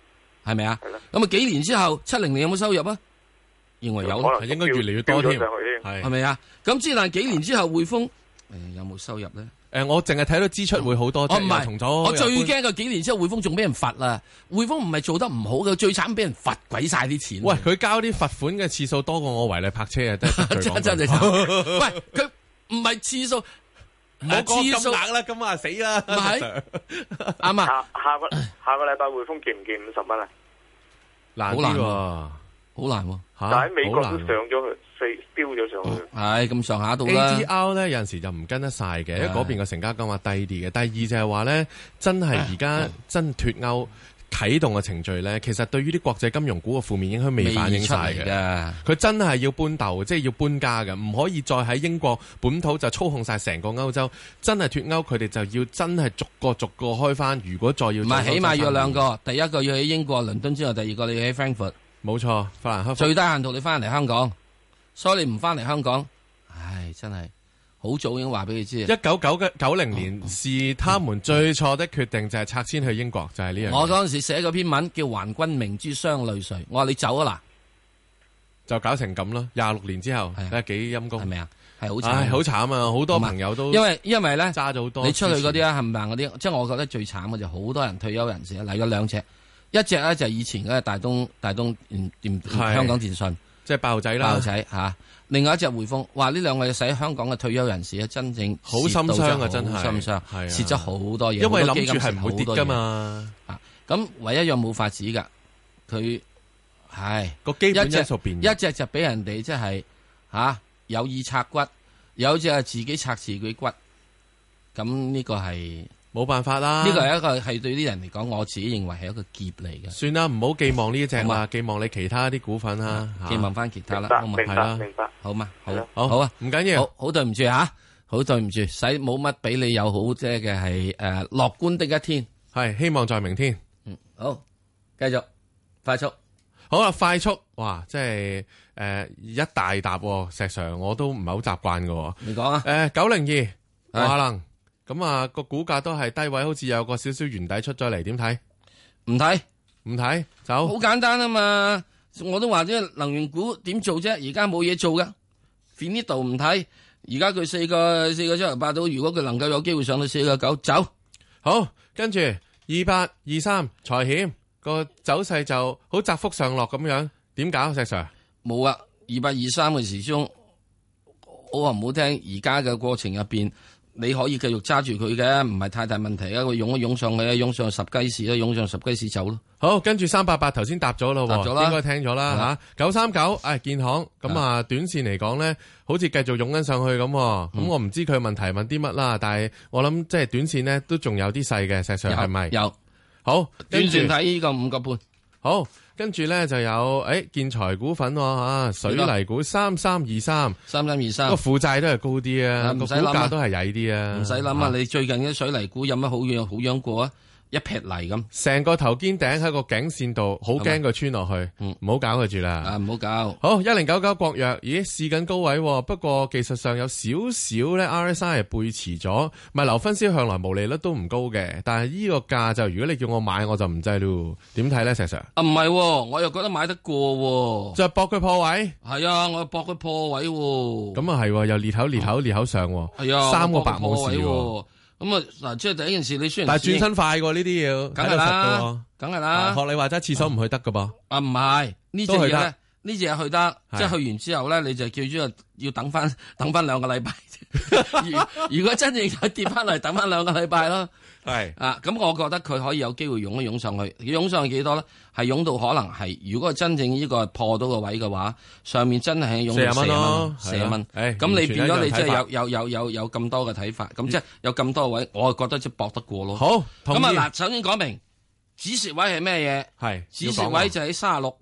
係咪啊？咁啊幾年之後，七零年有冇收入啊？認為有，應該越嚟越多添，係咪啊？咁之但幾年之後，匯豐誒有冇收入咧？誒，我淨係睇到支出會好多，唔係，同咗我最驚個幾年之後匯豐仲俾人罰啦，匯豐唔係做得唔好噶，最慘俾人罰鬼晒啲錢。喂，佢交啲罰款嘅次數多過我違例泊車啊，真真係，喂，佢唔係次數。唔好講咁難啦，咁啊死啦！唔係，阿媽下下個下個禮拜匯豐見唔見五十蚊啊？難喎，啊，好難喎但喺美國都上咗去，啊啊，四飆咗上去。係咁，嗯哎，上下度。啦。ADR 咧有陣時就唔跟得晒嘅，因為嗰邊嘅成交金額低啲嘅。哎，第二就係話咧，真係而家真脫歐。哎哎啟動嘅程序呢，其實對於啲國際金融股嘅負面影響未反映晒嘅，佢真係要搬竇，即係要搬家嘅，唔可以再喺英國本土就操控晒成個歐洲。真係脫歐，佢哋就要真係逐個逐個開翻。如果再要唔係，起碼要兩個，第一個要喺英國倫敦之後，第二個要你要喺 Frankfurt。冇錯，法蘭克福，最低限度你翻嚟香港，所以你唔翻嚟香港，唉，真係。好早已經，話俾佢知，一九九嘅九零年是他們最錯的決定，就係拆遷去英國，就係呢樣。我嗰陣時寫篇文叫《還君明珠雙淚垂》，我話你走啊啦，就搞成咁咯。廿六年之後，係幾陰公係咪啊？係好慘，好慘啊！哎，好多朋友都因為因為咧揸咗好多，你出去嗰啲啊，冚唪唥嗰啲，即係我覺得最慘嘅就好多人退休人士嚟咗兩隻，一隻咧就係以前嘅大東大東，大東、嗯嗯嗯嗯嗯嗯嗯、香港電信，是即係八號仔啦，八號仔吓。啊啊。另外一隻匯豐話呢兩個使香港嘅退休人士咧真正好心傷啊，真係心傷，蝕咗好多嘢，因為諗住係唔會跌㗎嘛。啊，咁、嗯、唯一又冇法子㗎，佢係、哎、個基本因素變一隻，一隻就俾人哋即係嚇有意拆骨，有一隻係自，自己拆自己骨，咁、嗯、呢、這個係。冇辦法啦！呢個係一個係對啲人嚟講，我自己認為係一個劫嚟嘅。算啦，唔好寄望呢隻嘛，寄望你其他啲股份啦。寄望翻其他啦，明白啦，明白。好嘛，好，好好啊，唔緊要。好，好對唔住吓，好對唔住，使冇乜俾你有好即嘅係，誒，樂觀的一天係希望在明天。嗯，好，繼續快速。好啦，快速哇，即係，誒，一大沓石 Sir，我都唔係好習慣嘅。你講啊，誒，九零二可能。咁啊，個股價都係低位，好似有個少少圓底出咗嚟，點睇？唔睇，唔睇，走。好簡單啊嘛，我都話咗能源股點做啫，而家冇嘢做噶。呢度唔睇，而家佢四個四個七頭八到，如果佢能夠有機會上到四個九，走。好，跟住二八二三財險個走勢就好窄幅上落咁樣，點搞，石 Sir？冇啊，二八二三嘅時鐘，我話唔好聽，而家嘅過程入邊。你可以繼續揸住佢嘅，唔係太大問題啊！佢湧一湧上去，湧上十雞士啦，湧上十雞士走咯。好，跟住三八八頭先答咗咯，應該聽咗啦吓。九三九，誒，建行咁啊，短線嚟講咧，好似繼續湧緊上去咁。咁我唔知佢問題問啲乜啦，但係我諗即係短線咧都仲有啲細嘅，石 sir，係咪？有好，短線睇呢個五個半，好。跟住咧就有誒、欸、建材股份吓、啊、水泥股三三二三三三二三個負債都係高啲啊個、啊啊、股價都係曳啲啊，唔使諗啊是你最近嘅水泥股有乜好樣好樣過啊？一劈泥咁，成個頭肩頂喺個頸線度，好驚佢穿落去，唔好搞佢住啦。啊，唔好搞。好一零九九國藥，咦，試緊高位，啊，不過技術上有少少咧 RSI 係背馳咗，咪流分銷向來毛利率都唔高嘅，但係呢個價就如果你叫我買，我就唔制咯。點睇咧，石 sir？啊，唔係，啊，我又覺得買得過，啊。就搏佢破位。係啊，我又搏佢破位，啊。咁啊係，又裂口裂口裂口上，係啊，啊啊啊三個白武士，啊。啊啊咁啊，嗱、嗯，即係第一件事，你雖然但係轉身快喎，呢啲要梗係啦，梗係啦，學你話齋廁所唔去得噶噃。啊，唔係呢隻嘢呢，呢隻嘢去得，去得啊、即係去完之後咧，你就叫住要等翻，等翻兩個禮拜。 如果真正跌翻嚟，等翻兩個禮拜咯。 係啊，咁我覺得佢可以有機會湧一湧上去，湧上去幾多咧？係湧到可能係，如果真正呢個破到個位嘅話，上面真係湧到四十蚊咯，四十蚊。咁你變咗你即係有有有有有咁多嘅睇法，咁即係有咁多位，我啊覺得即係博得過咯。好，咁啊嗱，首先講明止蝕位係咩嘢？係止蝕位就喺卅六。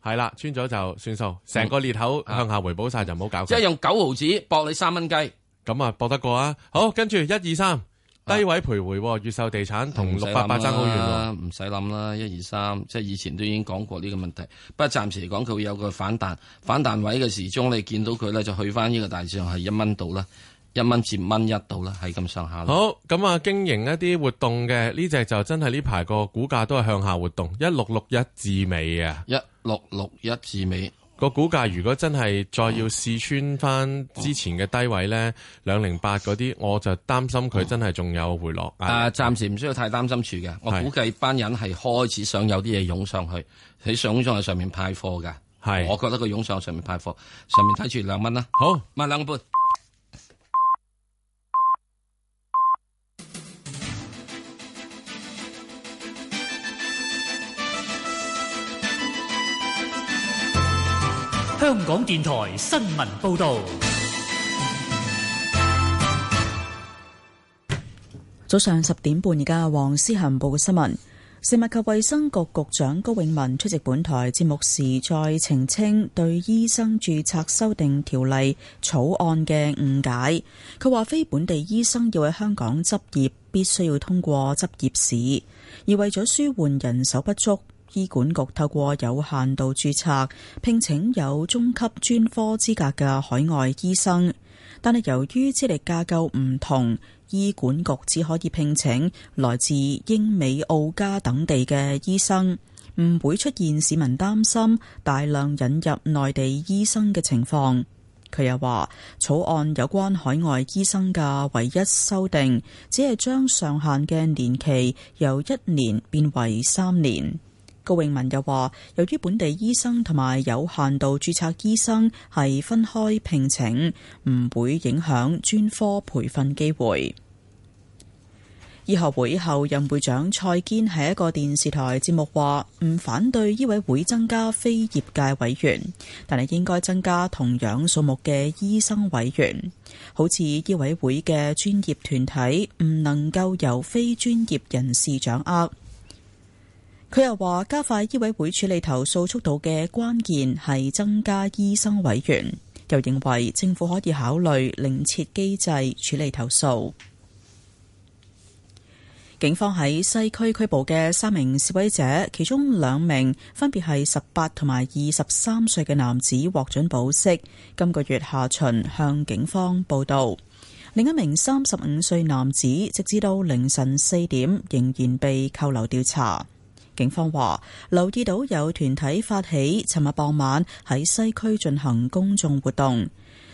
係啦，穿咗就算數，成個裂口向下回補晒就唔好搞。即係用九毫紙博你三蚊雞。咁啊博得過啊？好，跟住一二三。低位徘徊，越秀地產同六八八爭好遠，啊、啦，唔使諗啦，一二三，即係以前都已經講過呢個問題，不過暫時嚟講，佢會有個反彈，反彈位嘅時鐘，你見到佢咧就去翻，呢個大致上係一蚊度啦，一蚊至蚊一度啦，係咁上下。好，咁、嗯、啊經營一啲活動嘅，呢隻就真係呢排個股價都係向下活動，一六六一至尾啊，一六六一至尾。個股價如果真係再要試穿翻之前嘅低位咧，兩零八嗰啲，我就擔心佢真係仲有回落。誒、哎，啊、暫時唔需要太擔心住嘅，我估計班人係開始想有啲嘢湧上去，喺湧上去上面派貨噶。係，我覺得佢湧上去上面派貨，上面睇住兩蚊啦。好，賣兩個半。香港電台新聞報道，早上十點半，而家黃思涵報嘅新聞，食物及衛生局局長高永文出席本台節目時，再澄清對醫生註冊修訂條例草案嘅誤解。佢話非本地醫生要喺香港執業，必須要通過執業試，而為咗舒緩人手不足。醫管局透過有限度註冊聘請有中級專科資格嘅海外醫生，但係由於資歷架構唔同，醫管局只可以聘請來自英美、澳加等地嘅醫生，唔會出現市民擔心大量引入內地醫生嘅情況。佢又話，草案有關海外醫生嘅唯一修訂，只係將上限嘅年期由一年變為三年。高永文又話：由於本地醫生同埋有限度註冊醫生係分開聘請，唔會影響專科培訓機會。醫學會后任會長蔡堅喺一個電視台節目話：唔反對醫委會增加非業界委員，但係應該增加同樣數目嘅醫生委員。好似醫委會嘅專業團體唔能夠由非專業人士掌握。佢又話，加快醫委會處理投訴速度嘅關鍵係增加醫生委員。又認為政府可以考慮另設機制處理投訴。警方喺西區拘捕嘅三名示威者，其中兩名分別係十八同埋二十三歲嘅男子獲准保釋，今個月下旬向警方報道。另一名三十五歲男子，直至到凌晨四點仍然被扣留調查。警方話留意到有團體發起，尋日傍晚喺西區進行公眾活動。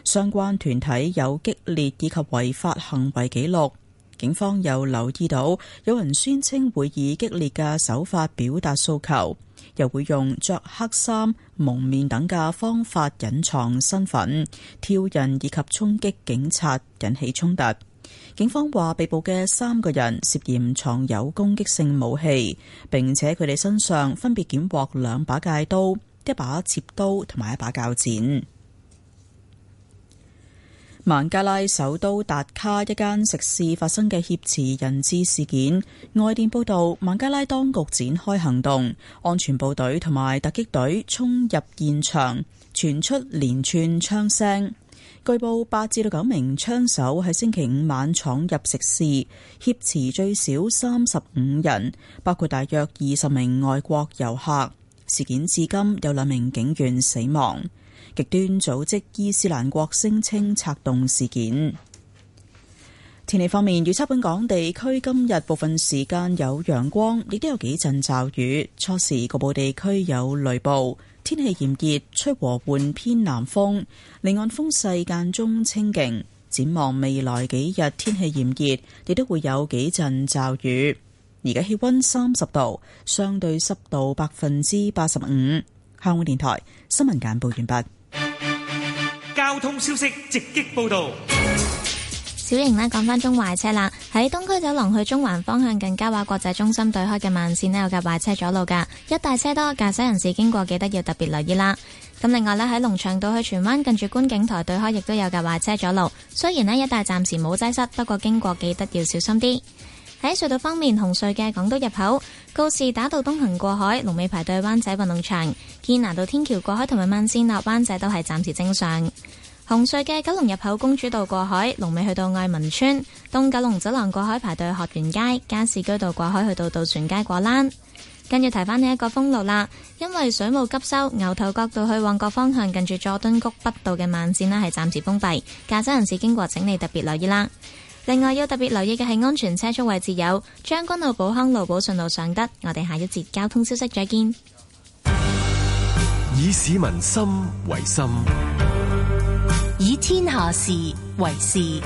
相關團體有激烈以及違法行為記錄。警方又留意到有人宣稱會以激烈嘅手法表達訴求，又會用着黑衫、蒙面等嘅方法隱藏身份，挑釁、以及衝擊警察，引起衝突。警方話被捕嘅三個人涉嫌藏有攻擊性武器，並且佢哋身上分別檢獲兩把戒刀、一把切刀同埋一把鉸剪。孟加拉首都達卡一間食肆發生嘅挾持人質事件，外電報道，孟加拉當局展開行動，安全部隊同埋突擊隊衝入現場，傳出連串槍聲。據報，八至到九名槍手喺星期五晚闖入食肆，挾持最少三十五人，包括大約二十名外國遊客。事件至今有兩名警員死亡。極端組織伊斯蘭國聲稱策動事件。天氣方面，預測本港地區今日部分時間有陽光，亦都有幾陣驟雨，初時局部地區有雷暴。天氣炎熱，吹和緩偏南風，離岸風勢間中清勁。展望未來幾日天氣炎熱，亦都會有幾陣驟雨。而家氣溫三十度，相對濕度百分之八十五。香港電台新聞簡報完畢。交通消息直擊報道。小型呢講返中壞車啦。喺東區走廊去中環方向近嘉華國際中心對開嘅慢線咧，有架壞車阻路噶。一帶車多，駕駛人士經過記得要特別留意啦。咁另外呢，喺龍翔道去荃灣近住觀景台對開亦都有架壞車阻路。雖然呢，一帶暫時冇擠塞，不過經過記得要小心啲。喺隧道方面，紅隧嘅港島入口告示打道東行過海，龍尾排隊灣仔運動場。堅拿道天橋過海同埋慢線落灣仔都係暫時正常。紅隧嘅九龍入口公主道過海，龍尾去到愛民村；東九龍走廊過海排隊學園街、加士居道過海去到渡船街果欄。跟住提翻呢一個封路啦，因為水務急修，牛頭角道去旺角方向近住佐敦谷北道嘅慢線呢係暫時封閉，駕駛人士經過請你特別留意啦。另外要特別留意嘅係安全車速位置有將軍澳寶康路、寶順路上德。我哋下一節交通消息再見。以市民心為心，天下事為事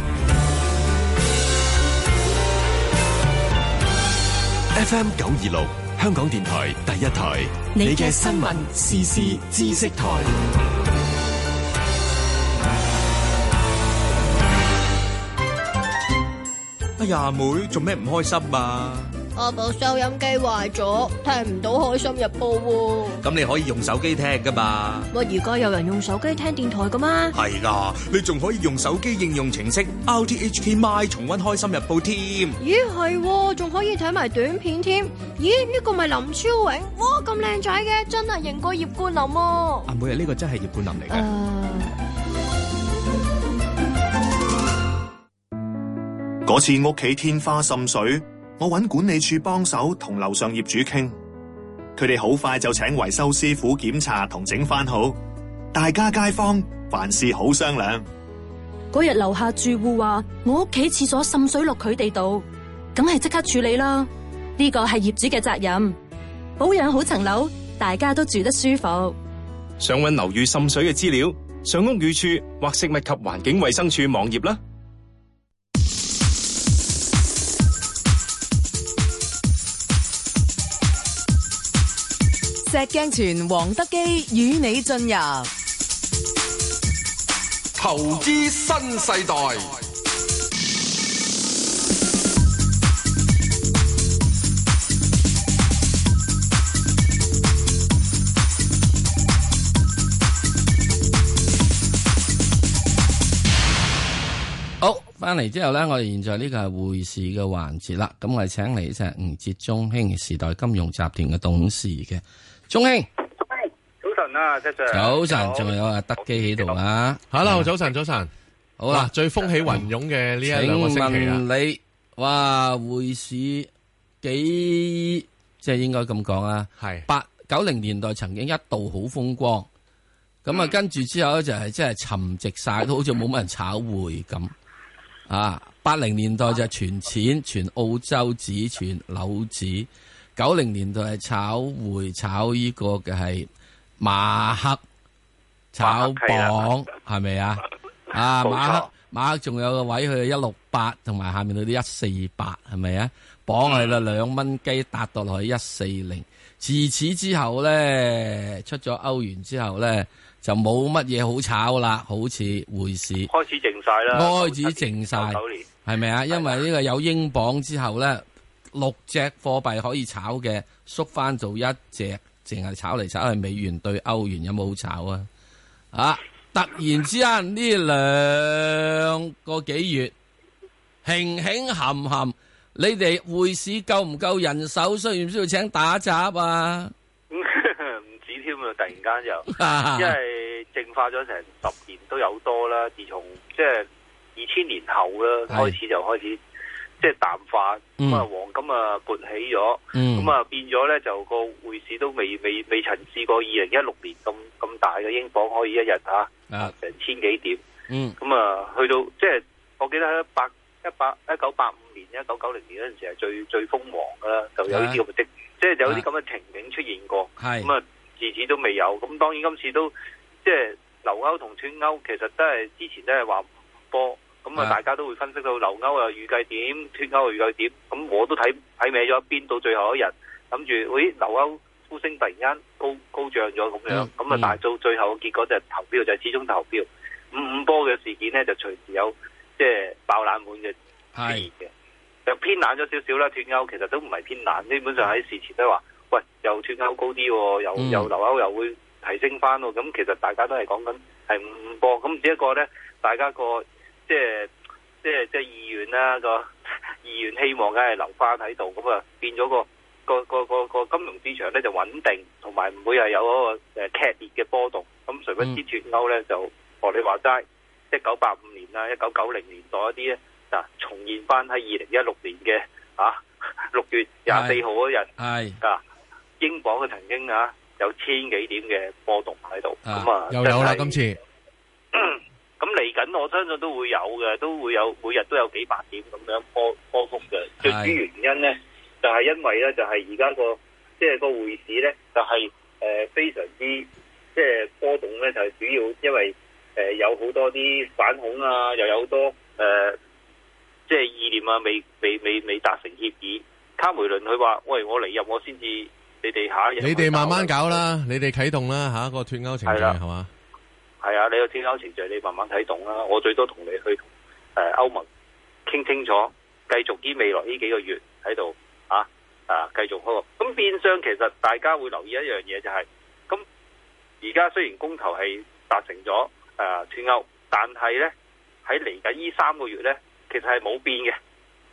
，FM 九二六香港電台第一台，你嘅新聞時事知識台。哎呀，妹做咩唔開心啊？我部收音機壞咗，聽唔到開心日報啊。咁你可以用手機聽噶嘛？乜而家有人用手機聽電台噶嘛？係啦、啊，你仲可以用手機應用程式 RTHK My 重溫開心日報添。咦係，仲可以睇埋短片添。咦呢個咪林超榮？哇咁靚仔嘅，真係贏過葉冠、哦這個、葉冠霖。阿妹啊，呢個真係葉冠霖嚟嘅。嗰 次屋企天花滲水。我揾管理處幫手同樓上業主傾，佢哋好快就請維修師傅檢查同整返好。大家街坊凡事好商量。嗰日樓下住戶話：我屋企廁所滲水落佢哋度，梗係即刻處理啦。呢個係業主嘅責任，保養好層樓，大家都住得舒服。想揾樓宇滲水嘅資料，上屋宇署或食物及環境衛生署網頁啦。石鏡泉、黃德幾與你進入投資新世代。世代好，翻嚟之後呢，我哋現在呢個係會市嘅環節啦。咁我哋請嚟就係吳哲中興時代金融集團嘅董事嘅。鍾興，早晨啊，早晨，仲晨有啊，德我幾喺度啊，Hello，早晨，早晨，好啦了，最風起雲湧嘅呢一兩個星期啦，請問你，哇，匯市幾，即係應該咁講啊，係是，八九零年代曾經一度好風光，咁啊、嗯、跟住之後咧就係即係沉寂晒，都好似冇乜人炒匯咁，啊，八零年代就係存錢，存澳洲紙，存紐紙。九零年代係炒匯炒呢個嘅係馬克炒榜，係咪克吧啊？啊錯馬克馬克仲有個位去一六八，同埋下面嗰啲一四八係咪啊？榜係啦，兩蚊雞踏到落去一四零。自此之後咧，出咗歐元之後咧，就冇乜嘢好炒啦，好似匯市開始靜晒啦，開始靜晒係咪啊？因為呢個有英鎊之後咧。六隻貨幣可以炒嘅縮翻做一隻只炒炒，淨係炒嚟炒去美元對歐元有冇好炒啊？啊！突然之間呢兩個幾月，興興冚冚，你哋匯市夠唔夠人手？需唔需要請打雜啊？唔止添啊！突然間又，因為淨化咗成十年都有多啦。自從即係二千年後啦，開始就開始。即係淡化，咁啊黃金啊勃起咗，咁啊變咗咧就個匯市都未未未曾試過二零一六年咁咁大嘅，英鎊可以一日吓啊成千幾點，咁啊去到即係我記得喺一八一八一九八五年一九九零年嗰陣時係最最瘋狂噶啦，就有啲咁嘅即係有啲咁嘅情景出現過，咁啊自此都未有，咁當然今次都即係留歐同脫歐其實都係之前都係話唔波。咁啊，大家都會分析到留歐啊預計點，脫歐預計點。咁我都睇睇尾咗一邊，到最後一日，諗住，咦，留歐呼聲突然間高高漲咗咁樣。咁啊，但係到最後嘅結果就係投票，就係始終投票。五五波嘅事件呢，就隨時有即係爆冷門嘅，出現嘅。就偏冷咗少少啦。脫歐其實都唔係偏冷，基本上喺事前都話，喂，又脫歐高啲喎，又又留歐又會提升翻喎。咁其實大家都係講緊係五五波。咁只不過呢，大家個。即係即係即係議員啦個議員希望梗係留翻喺度，咁啊變咗個個個個個金融市場咧就穩定，同埋唔會係有嗰個誒劇烈嘅波動。咁誰不知脫歐咧就，學你話齋，一九八五年啦，一九九零年代啲咧，嗱重現翻喺二零一六年嘅啊六月廿四號嗰日，係是啊是英鎊嘅曾經啊有千幾點嘅波動喺度，咁啊、嗯、又有啦今次。 咁嚟緊我相信都會有嘅，都會有每日都有幾百點咁樣波波幅嘅。最主要原因呢，就係、是、因為呢，就係而家個即係個匯市呢，就係、是、誒、呃、非常之即係波動呢就係、是、主要因為誒、呃、有好多啲反恐啊，又有好多誒、呃、即係意念啊，未未未未達成協議。卡梅倫佢話：「喂，我嚟入我先至，你哋下一、啊、你哋慢慢搞啦，你哋啟動啦，下、啊、一、那個脫歐程序係嘛？的係啊，你個脫歐程序你慢慢睇懂啦。我最多同你去誒、呃、歐盟傾清楚，繼續啲未來呢幾個月喺度啊啊，繼、啊、續嗰個。咁變相其實大家會留意一樣嘢就係、是，咁而家雖然公投係達成咗誒脫歐，但係咧喺嚟緊呢三個月咧，其實係冇變嘅。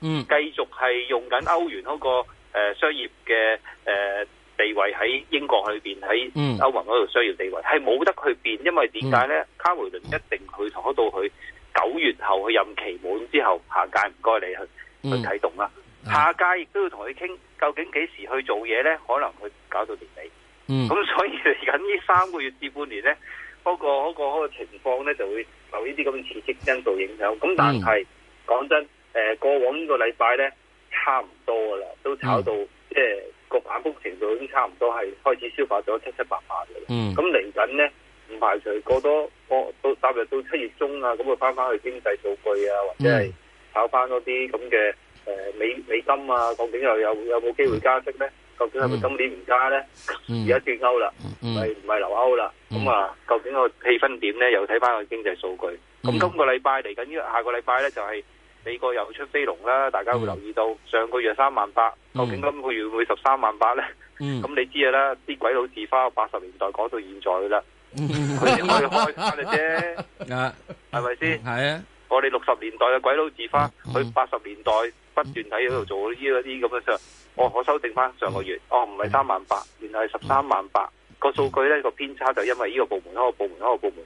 嗯、那個，繼續係用緊歐元嗰個商業嘅誒。呃地位喺英國去邊喺歐盟嗰度需要地位係冇得去變，因為點解咧？嗯、卡梅倫一定去炒到佢九月後去任期滿之後下屆唔該你去、嗯、去啟動啦。嗯、下屆亦都要同佢傾，究竟幾時去做嘢咧？可能佢搞到年底。咁、嗯、所以嚟緊呢三個月至半年咧，嗰、嗰個嗰、嗰個嗰個嗰個、情況咧就會受呢啲咁嘅刺激因素影響。咁但係講、嗯、真，誒、呃、過往個呢個禮拜咧差唔多噶啦，都炒到即係。到嗯個反覆程度已經差唔多係開始消化咗七七八八啦。嗯，咁嚟緊咧，唔排除過多過到踏入到，到，到七月中啊，咁啊翻翻去經濟數據啊，或者係炒翻嗰啲咁嘅誒美美金啊，究竟又有有冇機會加息咧？究竟係咪今年唔加咧？而家脫歐啦，唔係唔係留歐啦？咁啊，究竟個氣氛點咧？又睇翻個經濟數據。咁今個禮拜嚟緊，呢下個禮拜咧就係。美國又出飛龍啦，大家會留意到上個月三萬八，究竟今個月會十三萬八呢？咁你知嘅啦，啲鬼佬字花八十年代改到現在噶啦，佢先可以開翻啫，係咪先？係啊，我哋六十年代嘅鬼佬字花，佢八十年代不斷喺度做呢啲咁嘅嘢，我可修正翻上個月，哦唔係三萬八，原來係十三萬八，個數據呢個偏差就因為呢個部門開個部門開個部門。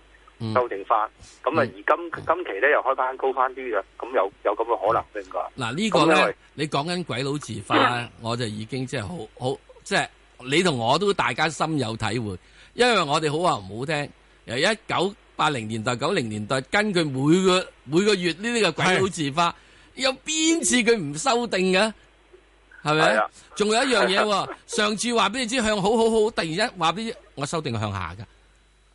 修訂翻，咁啊、嗯嗯、而今今期咧又開翻高翻啲嘅，咁、嗯、有有咁嘅可能性㗎。嗱呢個咧，嗯、你講緊鬼佬字法，嗯、我就已經即係好好即係、就是、你同我都大家深有體會，因為我哋好話唔好聽，由一九八零年代九零年代，根據每個每個月呢啲嘅鬼佬字法，嗯、有邊次佢唔修訂嘅？係咪？仲、啊、有一樣嘢喎，上次話俾你知向好，好好好，突然一話俾你修訂向下噶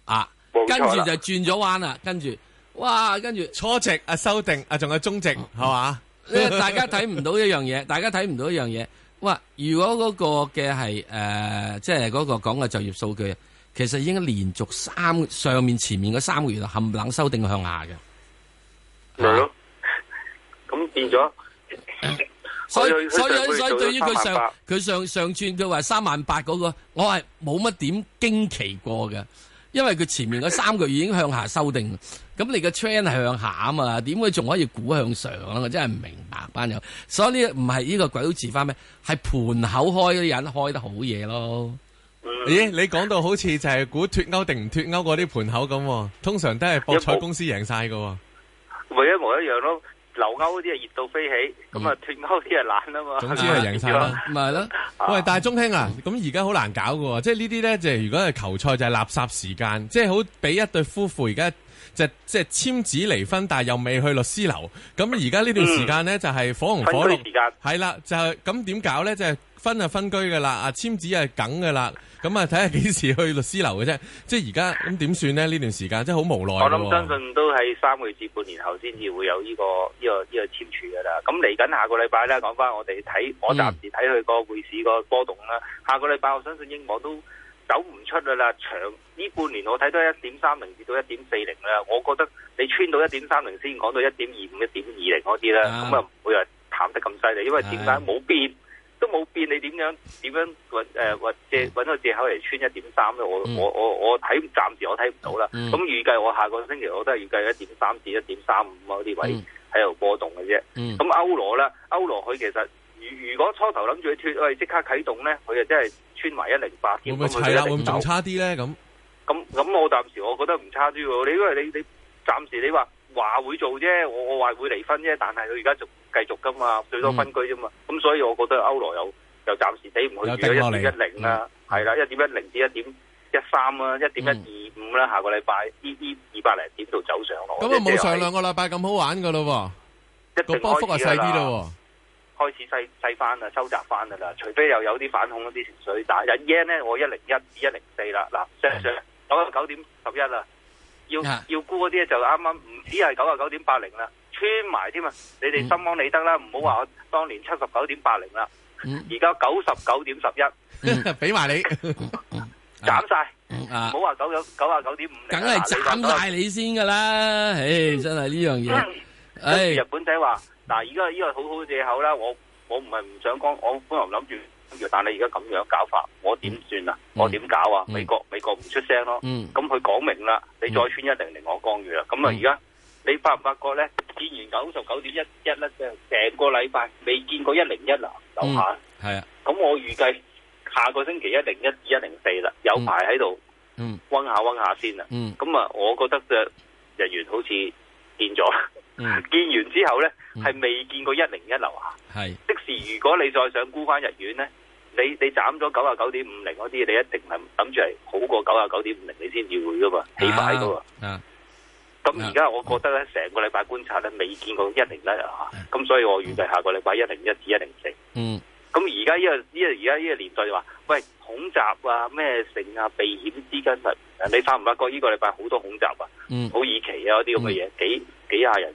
啊！跟住就轉咗彎啦，跟住哇，跟住初值啊、修訂啊，仲有中值係嘛？嗯、吧大家睇唔到一樣嘢， 大家睇唔到一樣嘢。哇！如果嗰個嘅係誒，即係嗰個講嘅就業數據，其實已經連續三上面前面嗰三個月冚唪唥修訂向下嘅，係咯了？咁、嗯、變咗，所以所以所以，對於佢上佢上上轉，佢話三萬八嗰個，我係冇乜點驚奇，奇過嘅。因為佢前面嗰三個月已經向下修訂，咁你個 train 向下啊嘛，點會仲可以估向上咧？我真係唔明白，班友。所以呢，唔係呢個鬼都字翻咩？係盤口開嗰啲人開得好嘢咯。嗯、咦？你講到好似就係估脫歐定唔脫歐嗰啲盤口咁、啊，通常都係博彩公司贏晒噶。咪一模一樣咯。留歐啲係熱到飛起，咁啊脫歐啲係懶啊嘛。總之係贏晒啦，咪係咯。 喂，大中興啊，咁而家好難搞嘅喎，即係呢啲咧就係如果係球賽就係垃圾時間，即係好俾一對夫婦而家。即係簽紙離婚，但係又未去律師樓。咁而家呢段時間呢，就係火紅火綠，係啦，就咁點搞呢？就係分啊分居噶啦，啊簽紙係梗噶啦。咁啊睇下幾時去律師樓嘅啫。即係而家咁點算呢？呢段時間真係好無奈。我諗相信都係三個月至半年後先至會有呢、這個呢、這個呢、這個簽署噶啦。咁嚟緊下個禮拜呢，講翻我哋睇，我暫時睇佢個匯市個波動啦。嗯、下個禮拜我相信英國都走唔出噶啦，長呢半年我睇到一點三零跌到一點四零啦，我覺得你穿到一點三零先講到一點二五、一點二零嗰啲啦，咁啊唔會話淡得咁犀利，因為點解冇變都冇變，變你點樣點樣揾誒或者揾個借口嚟穿一點三咧？我我我我睇暫時我睇唔到啦，咁預計我下個星期我都係預計一點三至一點三五嗰啲位喺度波動嘅啫。咁、um, 歐羅咧，歐羅佢其實。如果初頭諗住去脫，喂即刻啟動咧，佢就真係穿埋一零八添。會唔會係啦？會唔會仲差啲咧？咁咁咁，我暫時我覺得唔差啲喎。你因為你你暫時你話話會做啫，我我話會離婚啫。但係佢而家仲繼續噶嘛，最多分居啫嘛。咁、嗯、所以我覺得歐羅又就暫時睇唔去住一零一零啦，係啦，一點一零至一點一三啦，一點一二五啦。下個禮拜呢依二百零點度走上落。咁啊，冇上兩個禮拜咁好玩噶咯，個波幅係細啲咯。開始細細翻啦，收窄翻噶啦，除非又有啲反恐嗰啲情緒。但係日圓咧10，我一零一至一零四啦，嗱，上升九十九點十一啦。要、啊、要沽嗰啲咧就啱啱唔，止係九啊九點八零啦，穿埋添啊！你哋心安理得啦，唔好話我當年七十九點八零啦，而家九十九點十一，俾埋 給你，斬 晒光，唔好話九九九啊九點五零，梗係斬曬你先噶啦，唉、哎，嗯、真係呢樣嘢。哎、日本仔話，嗱，而家呢個好好借口啦，我我唔係唔想講，我本來諗住跟住，但係而家咁樣搞法，我點算啊？嗯、我點搞啊、嗯美？美國美國唔出聲咯，咁佢講明啦，你再穿一零零我干預啦。咁、嗯、啊，而家、嗯、你發唔發覺咧？見完九十九點一一粒啫，成個禮拜未見過一零一啊，樓下係啊，咁、嗯嗯、我預計下個星期一零一至一零四啦，有排喺度溫下溫下先啊。咁啊、嗯，我覺得嘅日元好似變咗。見完之後呢，係未見過一零一樓啊。即時如果你再想沽返日圓呢，你你斬咗九啊九點五零嗰啲，你一定係諗住係好過九啊九點五零，你先至會噶嘛，起碼噶嘛。咁而家我覺得呢，成個禮拜觀察呢，未見過一零一啊。咁所以我預計下個禮拜一零一至一零四。嗯。咁而家呢個呢個而家呢個年代就話，喂，恐襲啊，咩性啊，避險資金啊，你發唔發覺呢個禮拜好多恐襲啊？土耳其啊，嗰啲咁嘅嘢，幾幾廿人。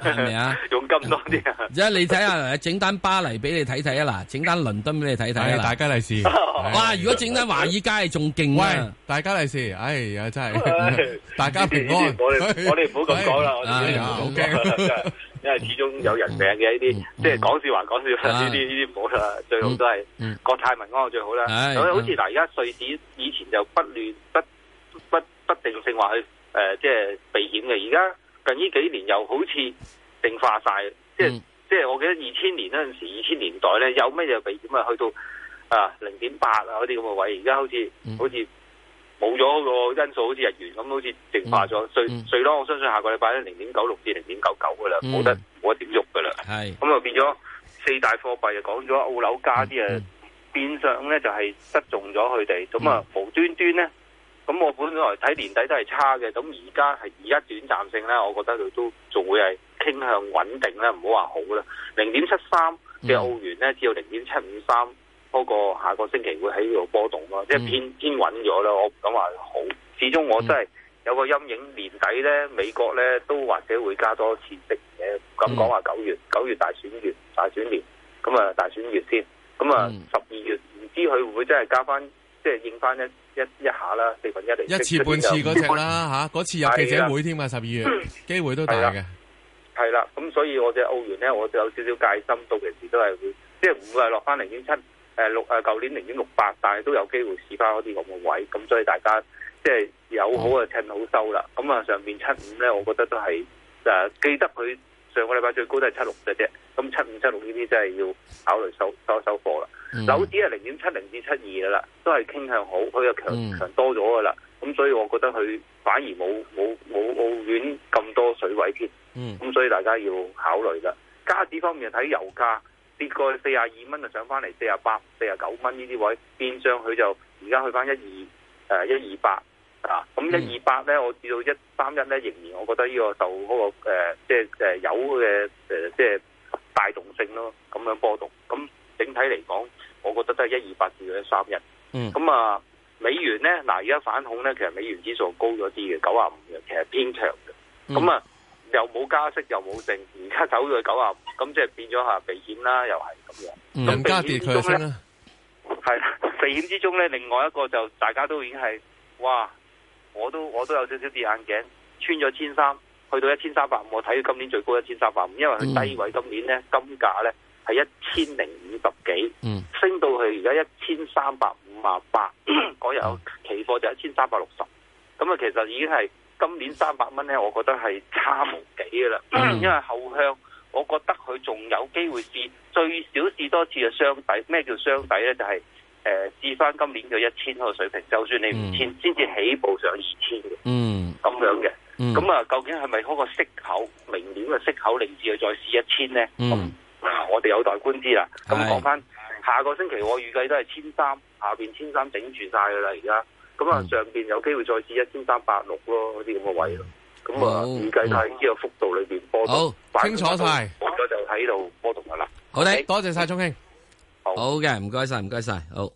係咪啊？用金多啲啊！而家你睇下整單巴黎俾你睇睇啊嗱，整單倫敦俾你睇睇。啊。大家利是。哇！如果整單華爾街仲勁啊！大家利是。哎呀，真係大家平安。我哋我哋唔好咁講啦。啊，好驚啊！因為始終有人命嘅呢啲，即係講笑還講笑呢啲呢啲唔好啦，最好都係國泰民安最好啦。所以好似嗱，而家瑞士以前就不亂不不不定性話去誒，即係避險嘅，而家。近呢幾年又好似淨化晒，即係、嗯、即係我記得二千年嗰陣時，二千年代咧有咩嘢被點啊？去到啊零點八啊嗰啲咁嘅位，而家好似、嗯、好似冇咗個因素，好似日元咁，好似淨化咗，衰衰咯！我相信下個禮拜咧零點九六至零點九九嘅啦，冇得冇得點喐嘅啦。係咁啊，變咗四大貨幣就講咗澳紐加啲啊，嗯嗯、變相咧就係、是、失重咗佢哋，咁啊無端端咧。咁我本來睇年底都係差嘅，咁而家係而家短暫性呢，我覺得佢都仲會係傾向穩定咧，唔好話好啦。零點七三嘅澳元呢，只有零點七五三，不過下個星期會喺呢度波動咯，嗯、即係偏偏穩咗啦。我唔敢話好，始終我真係有個陰影。嗯、年底呢，美國呢都或者會加多次息嘅，唔敢講話九月九、嗯、月大選月大選年，咁啊大選月先，咁啊十二月唔知佢會唔會真係加翻。即係應翻一一一下啦，四分一嚟。一次半次嗰隻啦吓，嗰、 啊、次有記者會添啊，十二月機 會都大嘅。係啦，咁所以我哋澳元咧，我有少少戒心，到其時都係會，即係唔會係落翻零點七，誒六誒，舊年零點六八，但係都有機會試翻嗰啲咁嘅位，咁所以大家即係有好啊趁好收啦。咁啊、嗯，上面七五咧，我覺得都係誒、啊、記得佢。上個禮拜最高都係七六嘅啫，咁七五七六呢啲真係要考慮收多收貨啦。紐指係零點七零至七二噶啦，都係傾向好，佢又強強、嗯、多咗噶啦。咁所以我覺得佢反而冇冇冇澳元咁多水位添。咁、嗯、所以大家要考慮啦。加指方面睇油價跌過四廿二蚊就上翻嚟，四廿八、四廿九蚊呢啲位，變相佢就而家去翻一二，誒一二八。啊，咁一二八咧，我至到一三一咧，仍然我覺得呢個受嗰、嗰個誒，即係誒有嘅，誒，即係帶動性咯，咁樣波動。咁、嗯、整體嚟講，我覺得都係一二八至到一三一。嗯。咁啊，美元咧，嗱而家反恐咧，其實美元指數高咗啲嘅，九啊五嘅，其實偏強嘅。咁啊、嗯，又冇加息又冇剩，而家走咗去九啊五，咁即係變咗下避險啦，又係咁樣。咁避險之中咧，係啦，避險之中咧， 另外一個就大家都已經係哇。哇哇哇哇我都我都有少少跌眼鏡，穿咗千三，去到一千三百五，我睇佢今年最高一千三百五，因為佢低位今年咧金價咧係一千零五十幾，升到去而家一千三百五十八，嗰日期貨就一千三百六十，咁啊其實已經係今年三百蚊咧，我覺得係差無幾噶啦，因為後向我覺得佢仲有機會試，最少試多次啊雙底，咩叫雙底咧？就係、是。誒，至翻今年嘅一千個水平，就算你五千先至起步上二千嘅，咁樣嘅，咁啊，究竟係咪嗰個息口明年嘅息口嚟，至去再試一千咧？我哋有待觀之啦。咁講翻，下個星期我預計都係千三，下邊千三頂住晒噶啦，而家，咁啊上邊有機會再試一千三百六咯，嗰啲咁嘅位咯。咁啊，預計喺呢個幅度裏邊波動。好清楚晒，好咗就喺度波動噶啦。好多謝晒鍾兄。好嘅，唔該晒，唔該晒，好。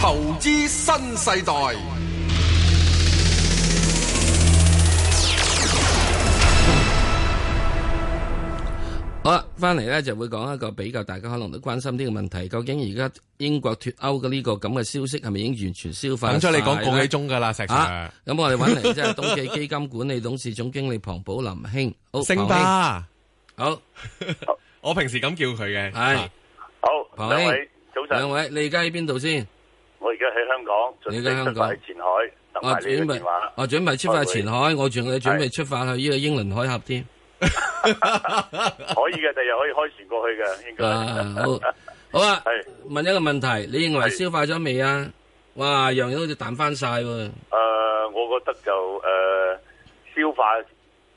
投資新世代。好啦，翻嚟咧就會講一個比較大家可能都關心啲嘅問題，究竟而家英國脫歐嘅呢個咁嘅消息係咪已經完全消化？等咗你講幾鐘噶啦，石生。咁我哋揾嚟即係東驥基金管理董事總經理龐寶林兄，石生。好。我平時咁叫佢嘅，係好兩位早晨，兩位你而家喺邊度先？我而家喺香港，準備出發去前海，準備哦準備出發前海，我仲要準備出發去呢個英倫海峽添。可以嘅，第日可以開船過去嘅，應該好。好啊，問一個問題，你認為消化咗未啊？哇，樣樣好似彈翻晒喎。誒，我覺得就誒消化。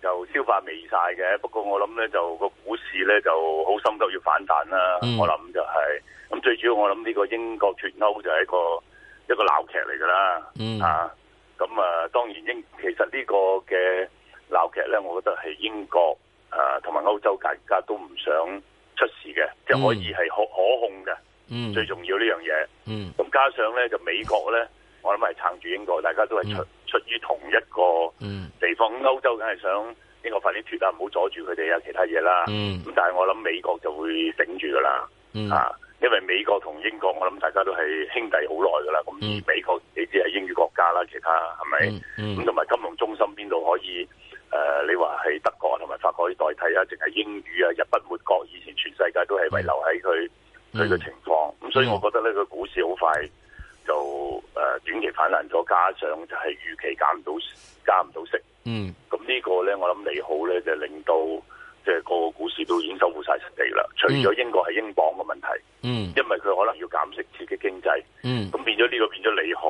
就消化未晒嘅，不過我諗呢，就個股市呢，就好心急要反彈啦，嗯、我諗就係、是、咁最主要，我諗呢個英國脱歐就係一個一個鬧劇嚟噶啦，啊咁啊當然英其實呢個嘅鬧劇呢，我覺得係英國啊同埋歐洲大家都唔想出事嘅，即係可以係可可控嘅，嗯、最重要呢樣嘢，咁、嗯嗯、加上呢，就美國呢，我諗係撐住英國，大家都係出。嗯出於同一個地方，嗯、歐洲梗係想英國快啲脱啊，唔好阻住佢哋啊，其他嘢啦。咁、嗯、但係我諗美國就會頂住噶啦，啊、嗯，因為美國同英國我諗大家都係兄弟好耐噶啦。咁、嗯、美國你知係英語國家啦，其他係咪？咁同埋金融中心邊度可以？誒、呃，你話喺德國同埋法國可以代替啊？淨係英語啊，日不落國，以前全世界都係遺留喺佢佢嘅情況。咁所以我覺得呢個股市好快。就誒短期反彈咗，加上就係預期減唔到加唔到息，嗯，咁呢個咧我諗利好咧就是、令到即係、就是、個股市都已經收復晒失地啦。除咗英國係英鎊嘅問題，嗯，因為佢可能要減息刺激經濟，嗯，咁變咗呢個變咗利好，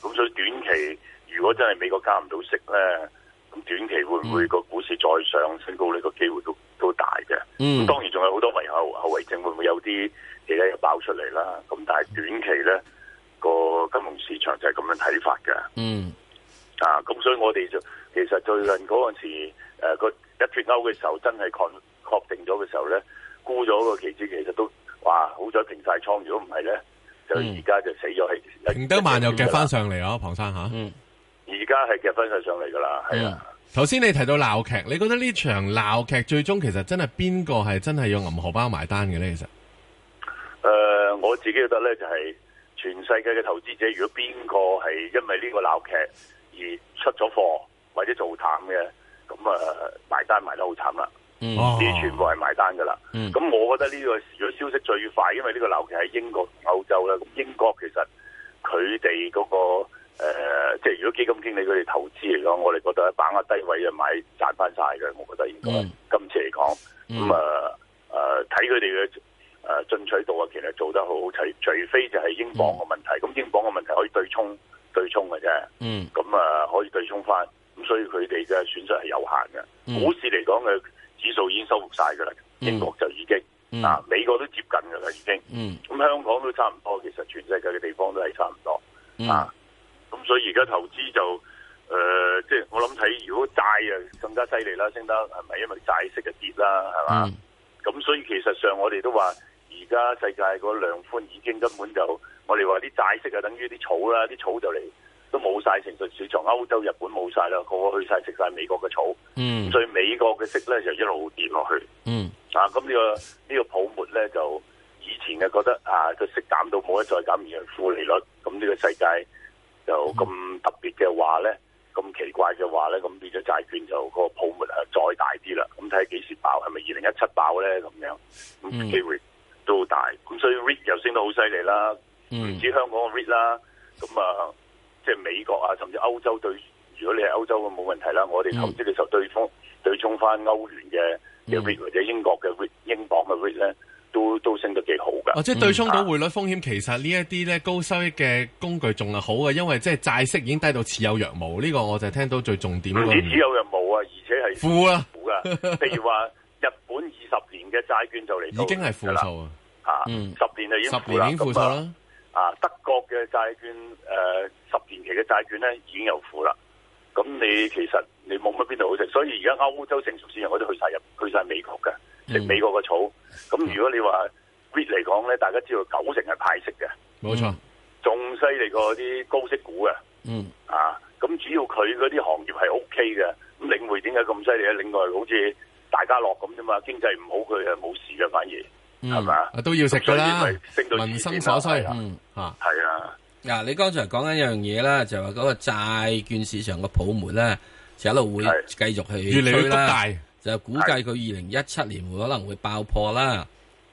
咁所以短期如果真係美國加唔到息咧，咁短期會唔會個股市再上升高呢個機會都都大嘅，嗯，當然仲有好多後後遺症會唔會有啲其他嘢爆出嚟啦，咁但係短期咧。個金融市場就係咁樣睇法嘅。嗯。啊，咁所以我哋就其實就最近嗰陣時，誒、呃、個一脫歐嘅時候，真係確確定咗嘅時候咧，沽咗個期指，其實都哇好彩平晒倉，如果唔係咧，就而家就死咗。平、嗯、一得慢又夾翻上嚟啊，龐生吓。嗯。而家係夾翻晒上嚟噶啦。係啊。頭先、嗯、你提到鬧劇，你覺得呢場鬧劇最終其實真係邊個係真係用銀荷包埋單嘅咧？其實。誒，我自己覺得咧就係、是。全世界嘅投資者，如果邊個係因為呢個鬧劇而出咗貨或者做淡嘅，咁啊埋單埋得好慘啦，呢啲、mm. oh. 全部係埋單噶啦。咁、mm. 我覺得呢個如果消息最快，因為呢個鬧劇喺英國同歐洲啦。咁英國其實佢哋嗰個、呃、即係如果基金經理佢哋投資嚟講，我哋覺得係把握低位就買賺翻晒。嘅，我覺得應該、mm. 今次嚟講咁啊誒睇佢哋嘅。Mm. 嗯呃呃誒，進取度啊，其實做得好，好，除非就係英鎊嘅問題，咁、嗯、英鎊嘅問題可以對沖對沖嘅啫。嗯，咁啊可以對沖翻，咁所以佢哋嘅損失係有限嘅。股市嚟講嘅指數已經收復晒嘅啦，英國就已經、嗯、啊，美國都接近嘅啦已經。嗯，咁香港都差唔多，其實全世界嘅地方都係差唔多。啊、嗯，咁所以而家投資就誒，即、呃、係、就是、我諗睇如果債啊更加犀利啦，升得係咪因為債息嘅跌啦？係嘛？咁、嗯、所以其實上我哋都話。而家世界個量寬已經根本就，我哋話啲債息啊，等於啲草啦，啲草就嚟都冇晒，成個市場歐洲、日本冇晒啦，個去晒食晒美國嘅草。嗯，所以美國嘅息咧就一路跌落去。嗯啊、呢個呢個，啊，咁呢個呢個泡沫咧就以前嘅覺得啊，個息減到冇得再減而負利率，咁呢個世界就咁特別嘅話咧，咁、嗯、奇怪嘅話咧，咁變咗債券就、個泡沫啊再大啲啦，咁睇下幾時爆，係咪二零一七爆咧咁樣？嗯，機會。都大，咁所以 rate 又升到好犀利啦。唔止香港嘅 rate 啦，咁啊，即係美國啊，甚至歐洲對，如果你係歐洲咁冇問題啦。我哋投資嘅時候，嗯、對沖對沖翻歐元嘅嘅 rate 或者英國嘅 rate 英鎊嘅 rate 咧，都都升得幾好噶，哦。即係對沖到匯率風險，啊、其實呢一啲咧高收益嘅工具仲係好嘅，因為即係債息已經低到似有若無。呢，這個我就聽到最重點咯。唔止似有若無富啊，而且係負啊噶。譬如話日本二十年嘅債券就嚟已經係負數啊。啊，十年就已經負啦，咁啊，德國嘅債券誒，十年期嘅債券咧已經有負啦。咁你其實你冇乜邊度好食，所以而家歐洲成熟市場我都去晒入，去晒美國嘅，食美國嘅草。咁如果你話 REIT 嚟講咧，大家知道九成係派息嘅，冇錯，仲犀利過啲高息股嘅。嗯，啊，咁主要佢嗰啲行業係 O K 嘅。咁領匯點解咁犀利咧？領匯好似大家樂咁啫嘛，經濟唔好佢又冇事嘅，反而。係嘛，嗯、吧都要食噶啦，食、啊、民生所需，啊、嗯，係啊。嗱、啊，你剛才講緊一樣嘢啦，就係、是、嗰個債券市場個泡沫咧，就一路會繼續去越嚟越大，是就估計佢二零一七年可能會爆破啦，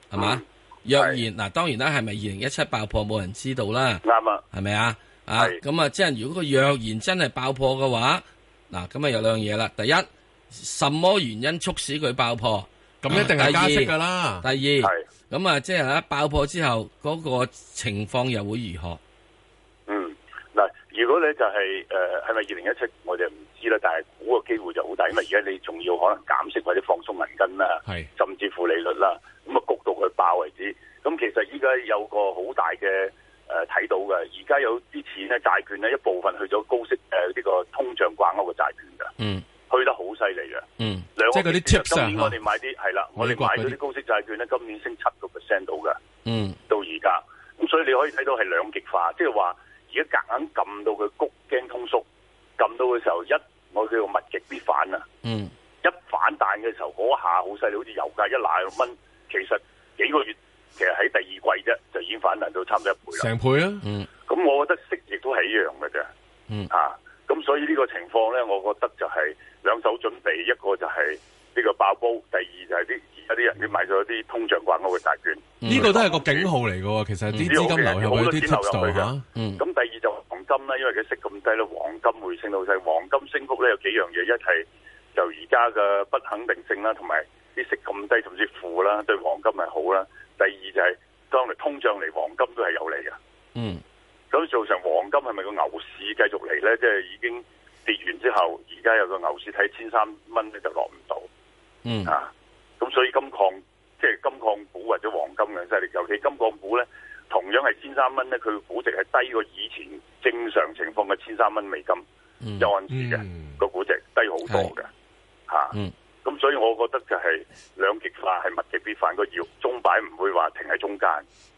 係嘛？嗯、若然嗱，當然啦，係咪二零一七爆破冇人知道啦？啱啊，係咪吧是啊？係咁啊，即係如果佢若然真係爆破嘅話，嗱，咁啊有兩樣嘢啦，第一，什麼原因促使佢爆破？咁一定係加息噶啦、啊，第二，係咁啊，的即係咧爆破之後嗰、那個情況又會如何？嗯，嗱，如果咧就係、是、誒，係咪二零一七，是是我就唔知啦。但係股個機會就好大，因為而家你仲要可能減息或者放鬆銀根啦，係的，甚至乎利率啦。咁啊，谷到去爆為止。咁其實依家有個好大嘅誒睇到嘅，而家有啲錢咧，債券咧，一部分去咗高息誒呢、呃這個通脹掛鈎嘅債券噶，嗯。去得好犀利嘅，嗯、即係啲、啊、今年我哋買啲係啦，我哋買咗啲高息債券咧，今年升七個 percent 到嘅，嗯，到而家咁，所以你可以睇到係兩極化，即係話而家夾硬撳到佢谷驚通縮撳到嘅時候，一我叫做物極必反啊，嗯，一反彈嘅時候，嗰下好犀利，好似油價一廿六蚊，其實幾個月其實喺第二季啫，就已經反彈到差唔多一倍啦，成倍啊，嗯，咁、嗯、我覺得息亦都係一樣嘅、啊、嗯，嚇。咁、嗯、所以呢個情況咧，我覺得就係兩手準備，一個就係呢個爆煲，第二就係啲而家啲人啲買咗啲通脹掛鈎嘅債券，呢、嗯嗯、個都係個警號嚟嘅喎。其實啲資金流入好多錢流入去嘅。嗯。咁第二就黃金咧，因為佢息咁低咧，黃金會升到滯，黃金升幅咧有幾樣嘢，一係就而家嘅不肯定性啦，同埋啲息咁低，甚至負啦，對黃金係好啦。第二就係、是、當嚟通脹嚟，黃金都係有利嘅。嗯。咁造成黃金係咪個牛市繼續嚟咧？即係已經跌完之後，而家有個牛市睇千三蚊咧就落唔到。嗯啊，咁所以金礦即係金礦股或者黃金咁犀利，尤其金礦股咧，同樣係千三蚊咧，佢估值係低過以前正常情況嘅千三蚊美金嗯。嗯，優岸嘅個估值低好多嘅嚇。嗯，咁所以我覺得就係兩極化係物極必反，個搖鐘擺唔會話停喺中間。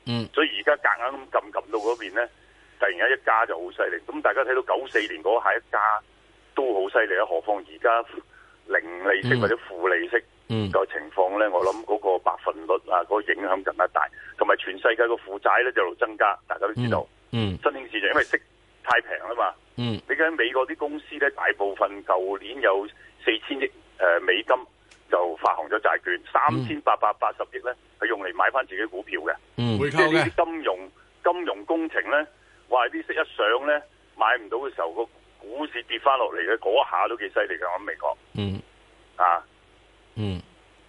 嗯，所以而家夾硬咁撳撳到嗰邊咧。突然間一加就好犀利，咁大家睇到九四年嗰下一加都好犀利啊！何況而家零利息或者負利息個情況咧，嗯嗯、我諗嗰個百分率啊，嗰、嗰個影響更加大，同埋全世界個負債咧就增加，大家都知道。嗯，嗯新興市場因為息太平啊嘛。嗯。你睇美國啲公司咧，大部分舊年有四千億誒美金就發行咗債券，三千八百八十億咧係用嚟買翻自己股票嘅、嗯。嗯，回購嘅。即係呢啲金融金融工程咧。話啲息一上咧，買唔到嘅時候，個股市跌翻落嚟嘅，嗰下都幾犀利㗎。我諗美國，嗯啊，嗯，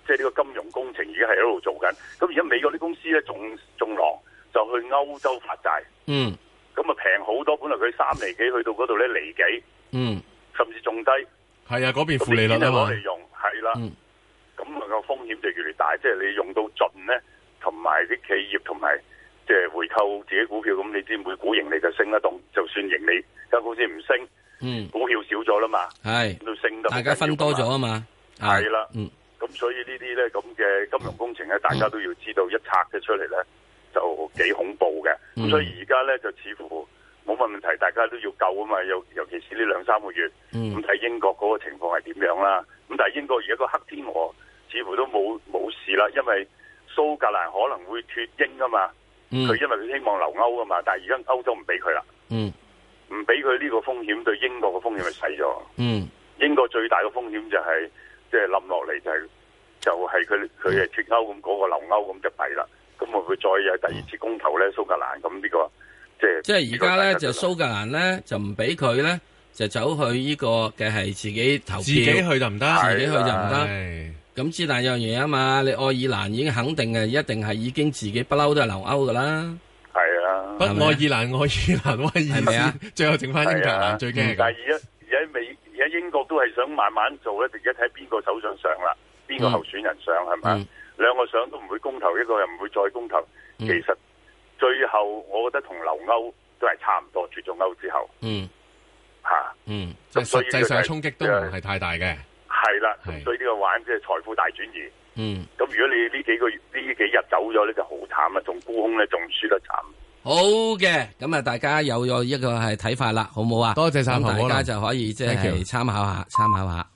即係呢個金融工程已經係喺度做緊。咁而家美國啲公司咧，仲仲狼就去歐洲發債，嗯，咁啊平好多。本來佢三厘幾，去到嗰度咧，厘幾，嗯，甚至仲低。係、嗯、啊，嗰邊負利率係嘛。咁攞嚟用？係啦、啊，咁能夠風險就越嚟越大。即、就、係、是、你用到盡咧，同埋啲企業同埋。即係回購自己股票，咁你知每股盈利就升得動，就算盈利間公司唔升，嗯，股票少咗啦嘛，係都、嗯、升得，大家分多咗啊嘛，係啦了，嗯，咁所以呢啲咧咁嘅金融工程咧，大家都要知道、嗯、一拆嘅出嚟咧就幾恐怖嘅，咁、嗯、所以而家咧就似乎冇乜問題，大家都要救啊嘛，尤尤其是呢兩三個月，嗯，咁睇英國嗰個情況係點樣啦，咁但係英國而家個黑天鵝似乎都冇冇事啦，因為蘇格蘭可能會脫英啊嘛。佢、嗯、因為佢希望留歐啊嘛，但係而家歐洲唔俾佢啦，唔俾佢呢個風險，對英國嘅風險咪使咗。嗯、英國最大嘅風險就係即係冧落嚟就係、係、就係佢佢係脫歐咁嗰、嗰個留歐咁就弊啦。咁會唔會再有第二次公投咧？嗯、蘇格蘭咁、呢個就係、呢個即係即係而家咧就蘇格蘭咧就唔俾佢咧就走去呢、呢個嘅係、就係、自己投自己去就唔得，自己去就唔得。咁之但有樣嘢，啊嘛，你愛爾蘭已經肯定嘅，一定係已經自己不嬲都係留歐噶啦，係啊，不愛愛爾蘭，愛愛爾蘭，係咪啊？最後剩翻英格蘭，啊、最驚。但係而家而家美而家英國都係想慢慢做咧，而家睇邊個首相上啦，邊個候選人上係咪啊？兩個上都唔會公投，一個又唔會再公投，嗯、其實最後我覺得同留歐都係差唔多，脱咗歐之後，嗯，吓，嗯，即、嗯、係、嗯嗯、實際上衝擊都唔係太大嘅。係啦，咁所以呢個玩即係財富大轉移。嗯，咁如果你呢幾個月呢幾日走咗咧，就好慘啊！仲沽空咧，仲輸得慘。好嘅，咁啊，大家有咗一個係睇法啦，好唔好啊？多謝三號，大家就可以即係參考一下，參考下。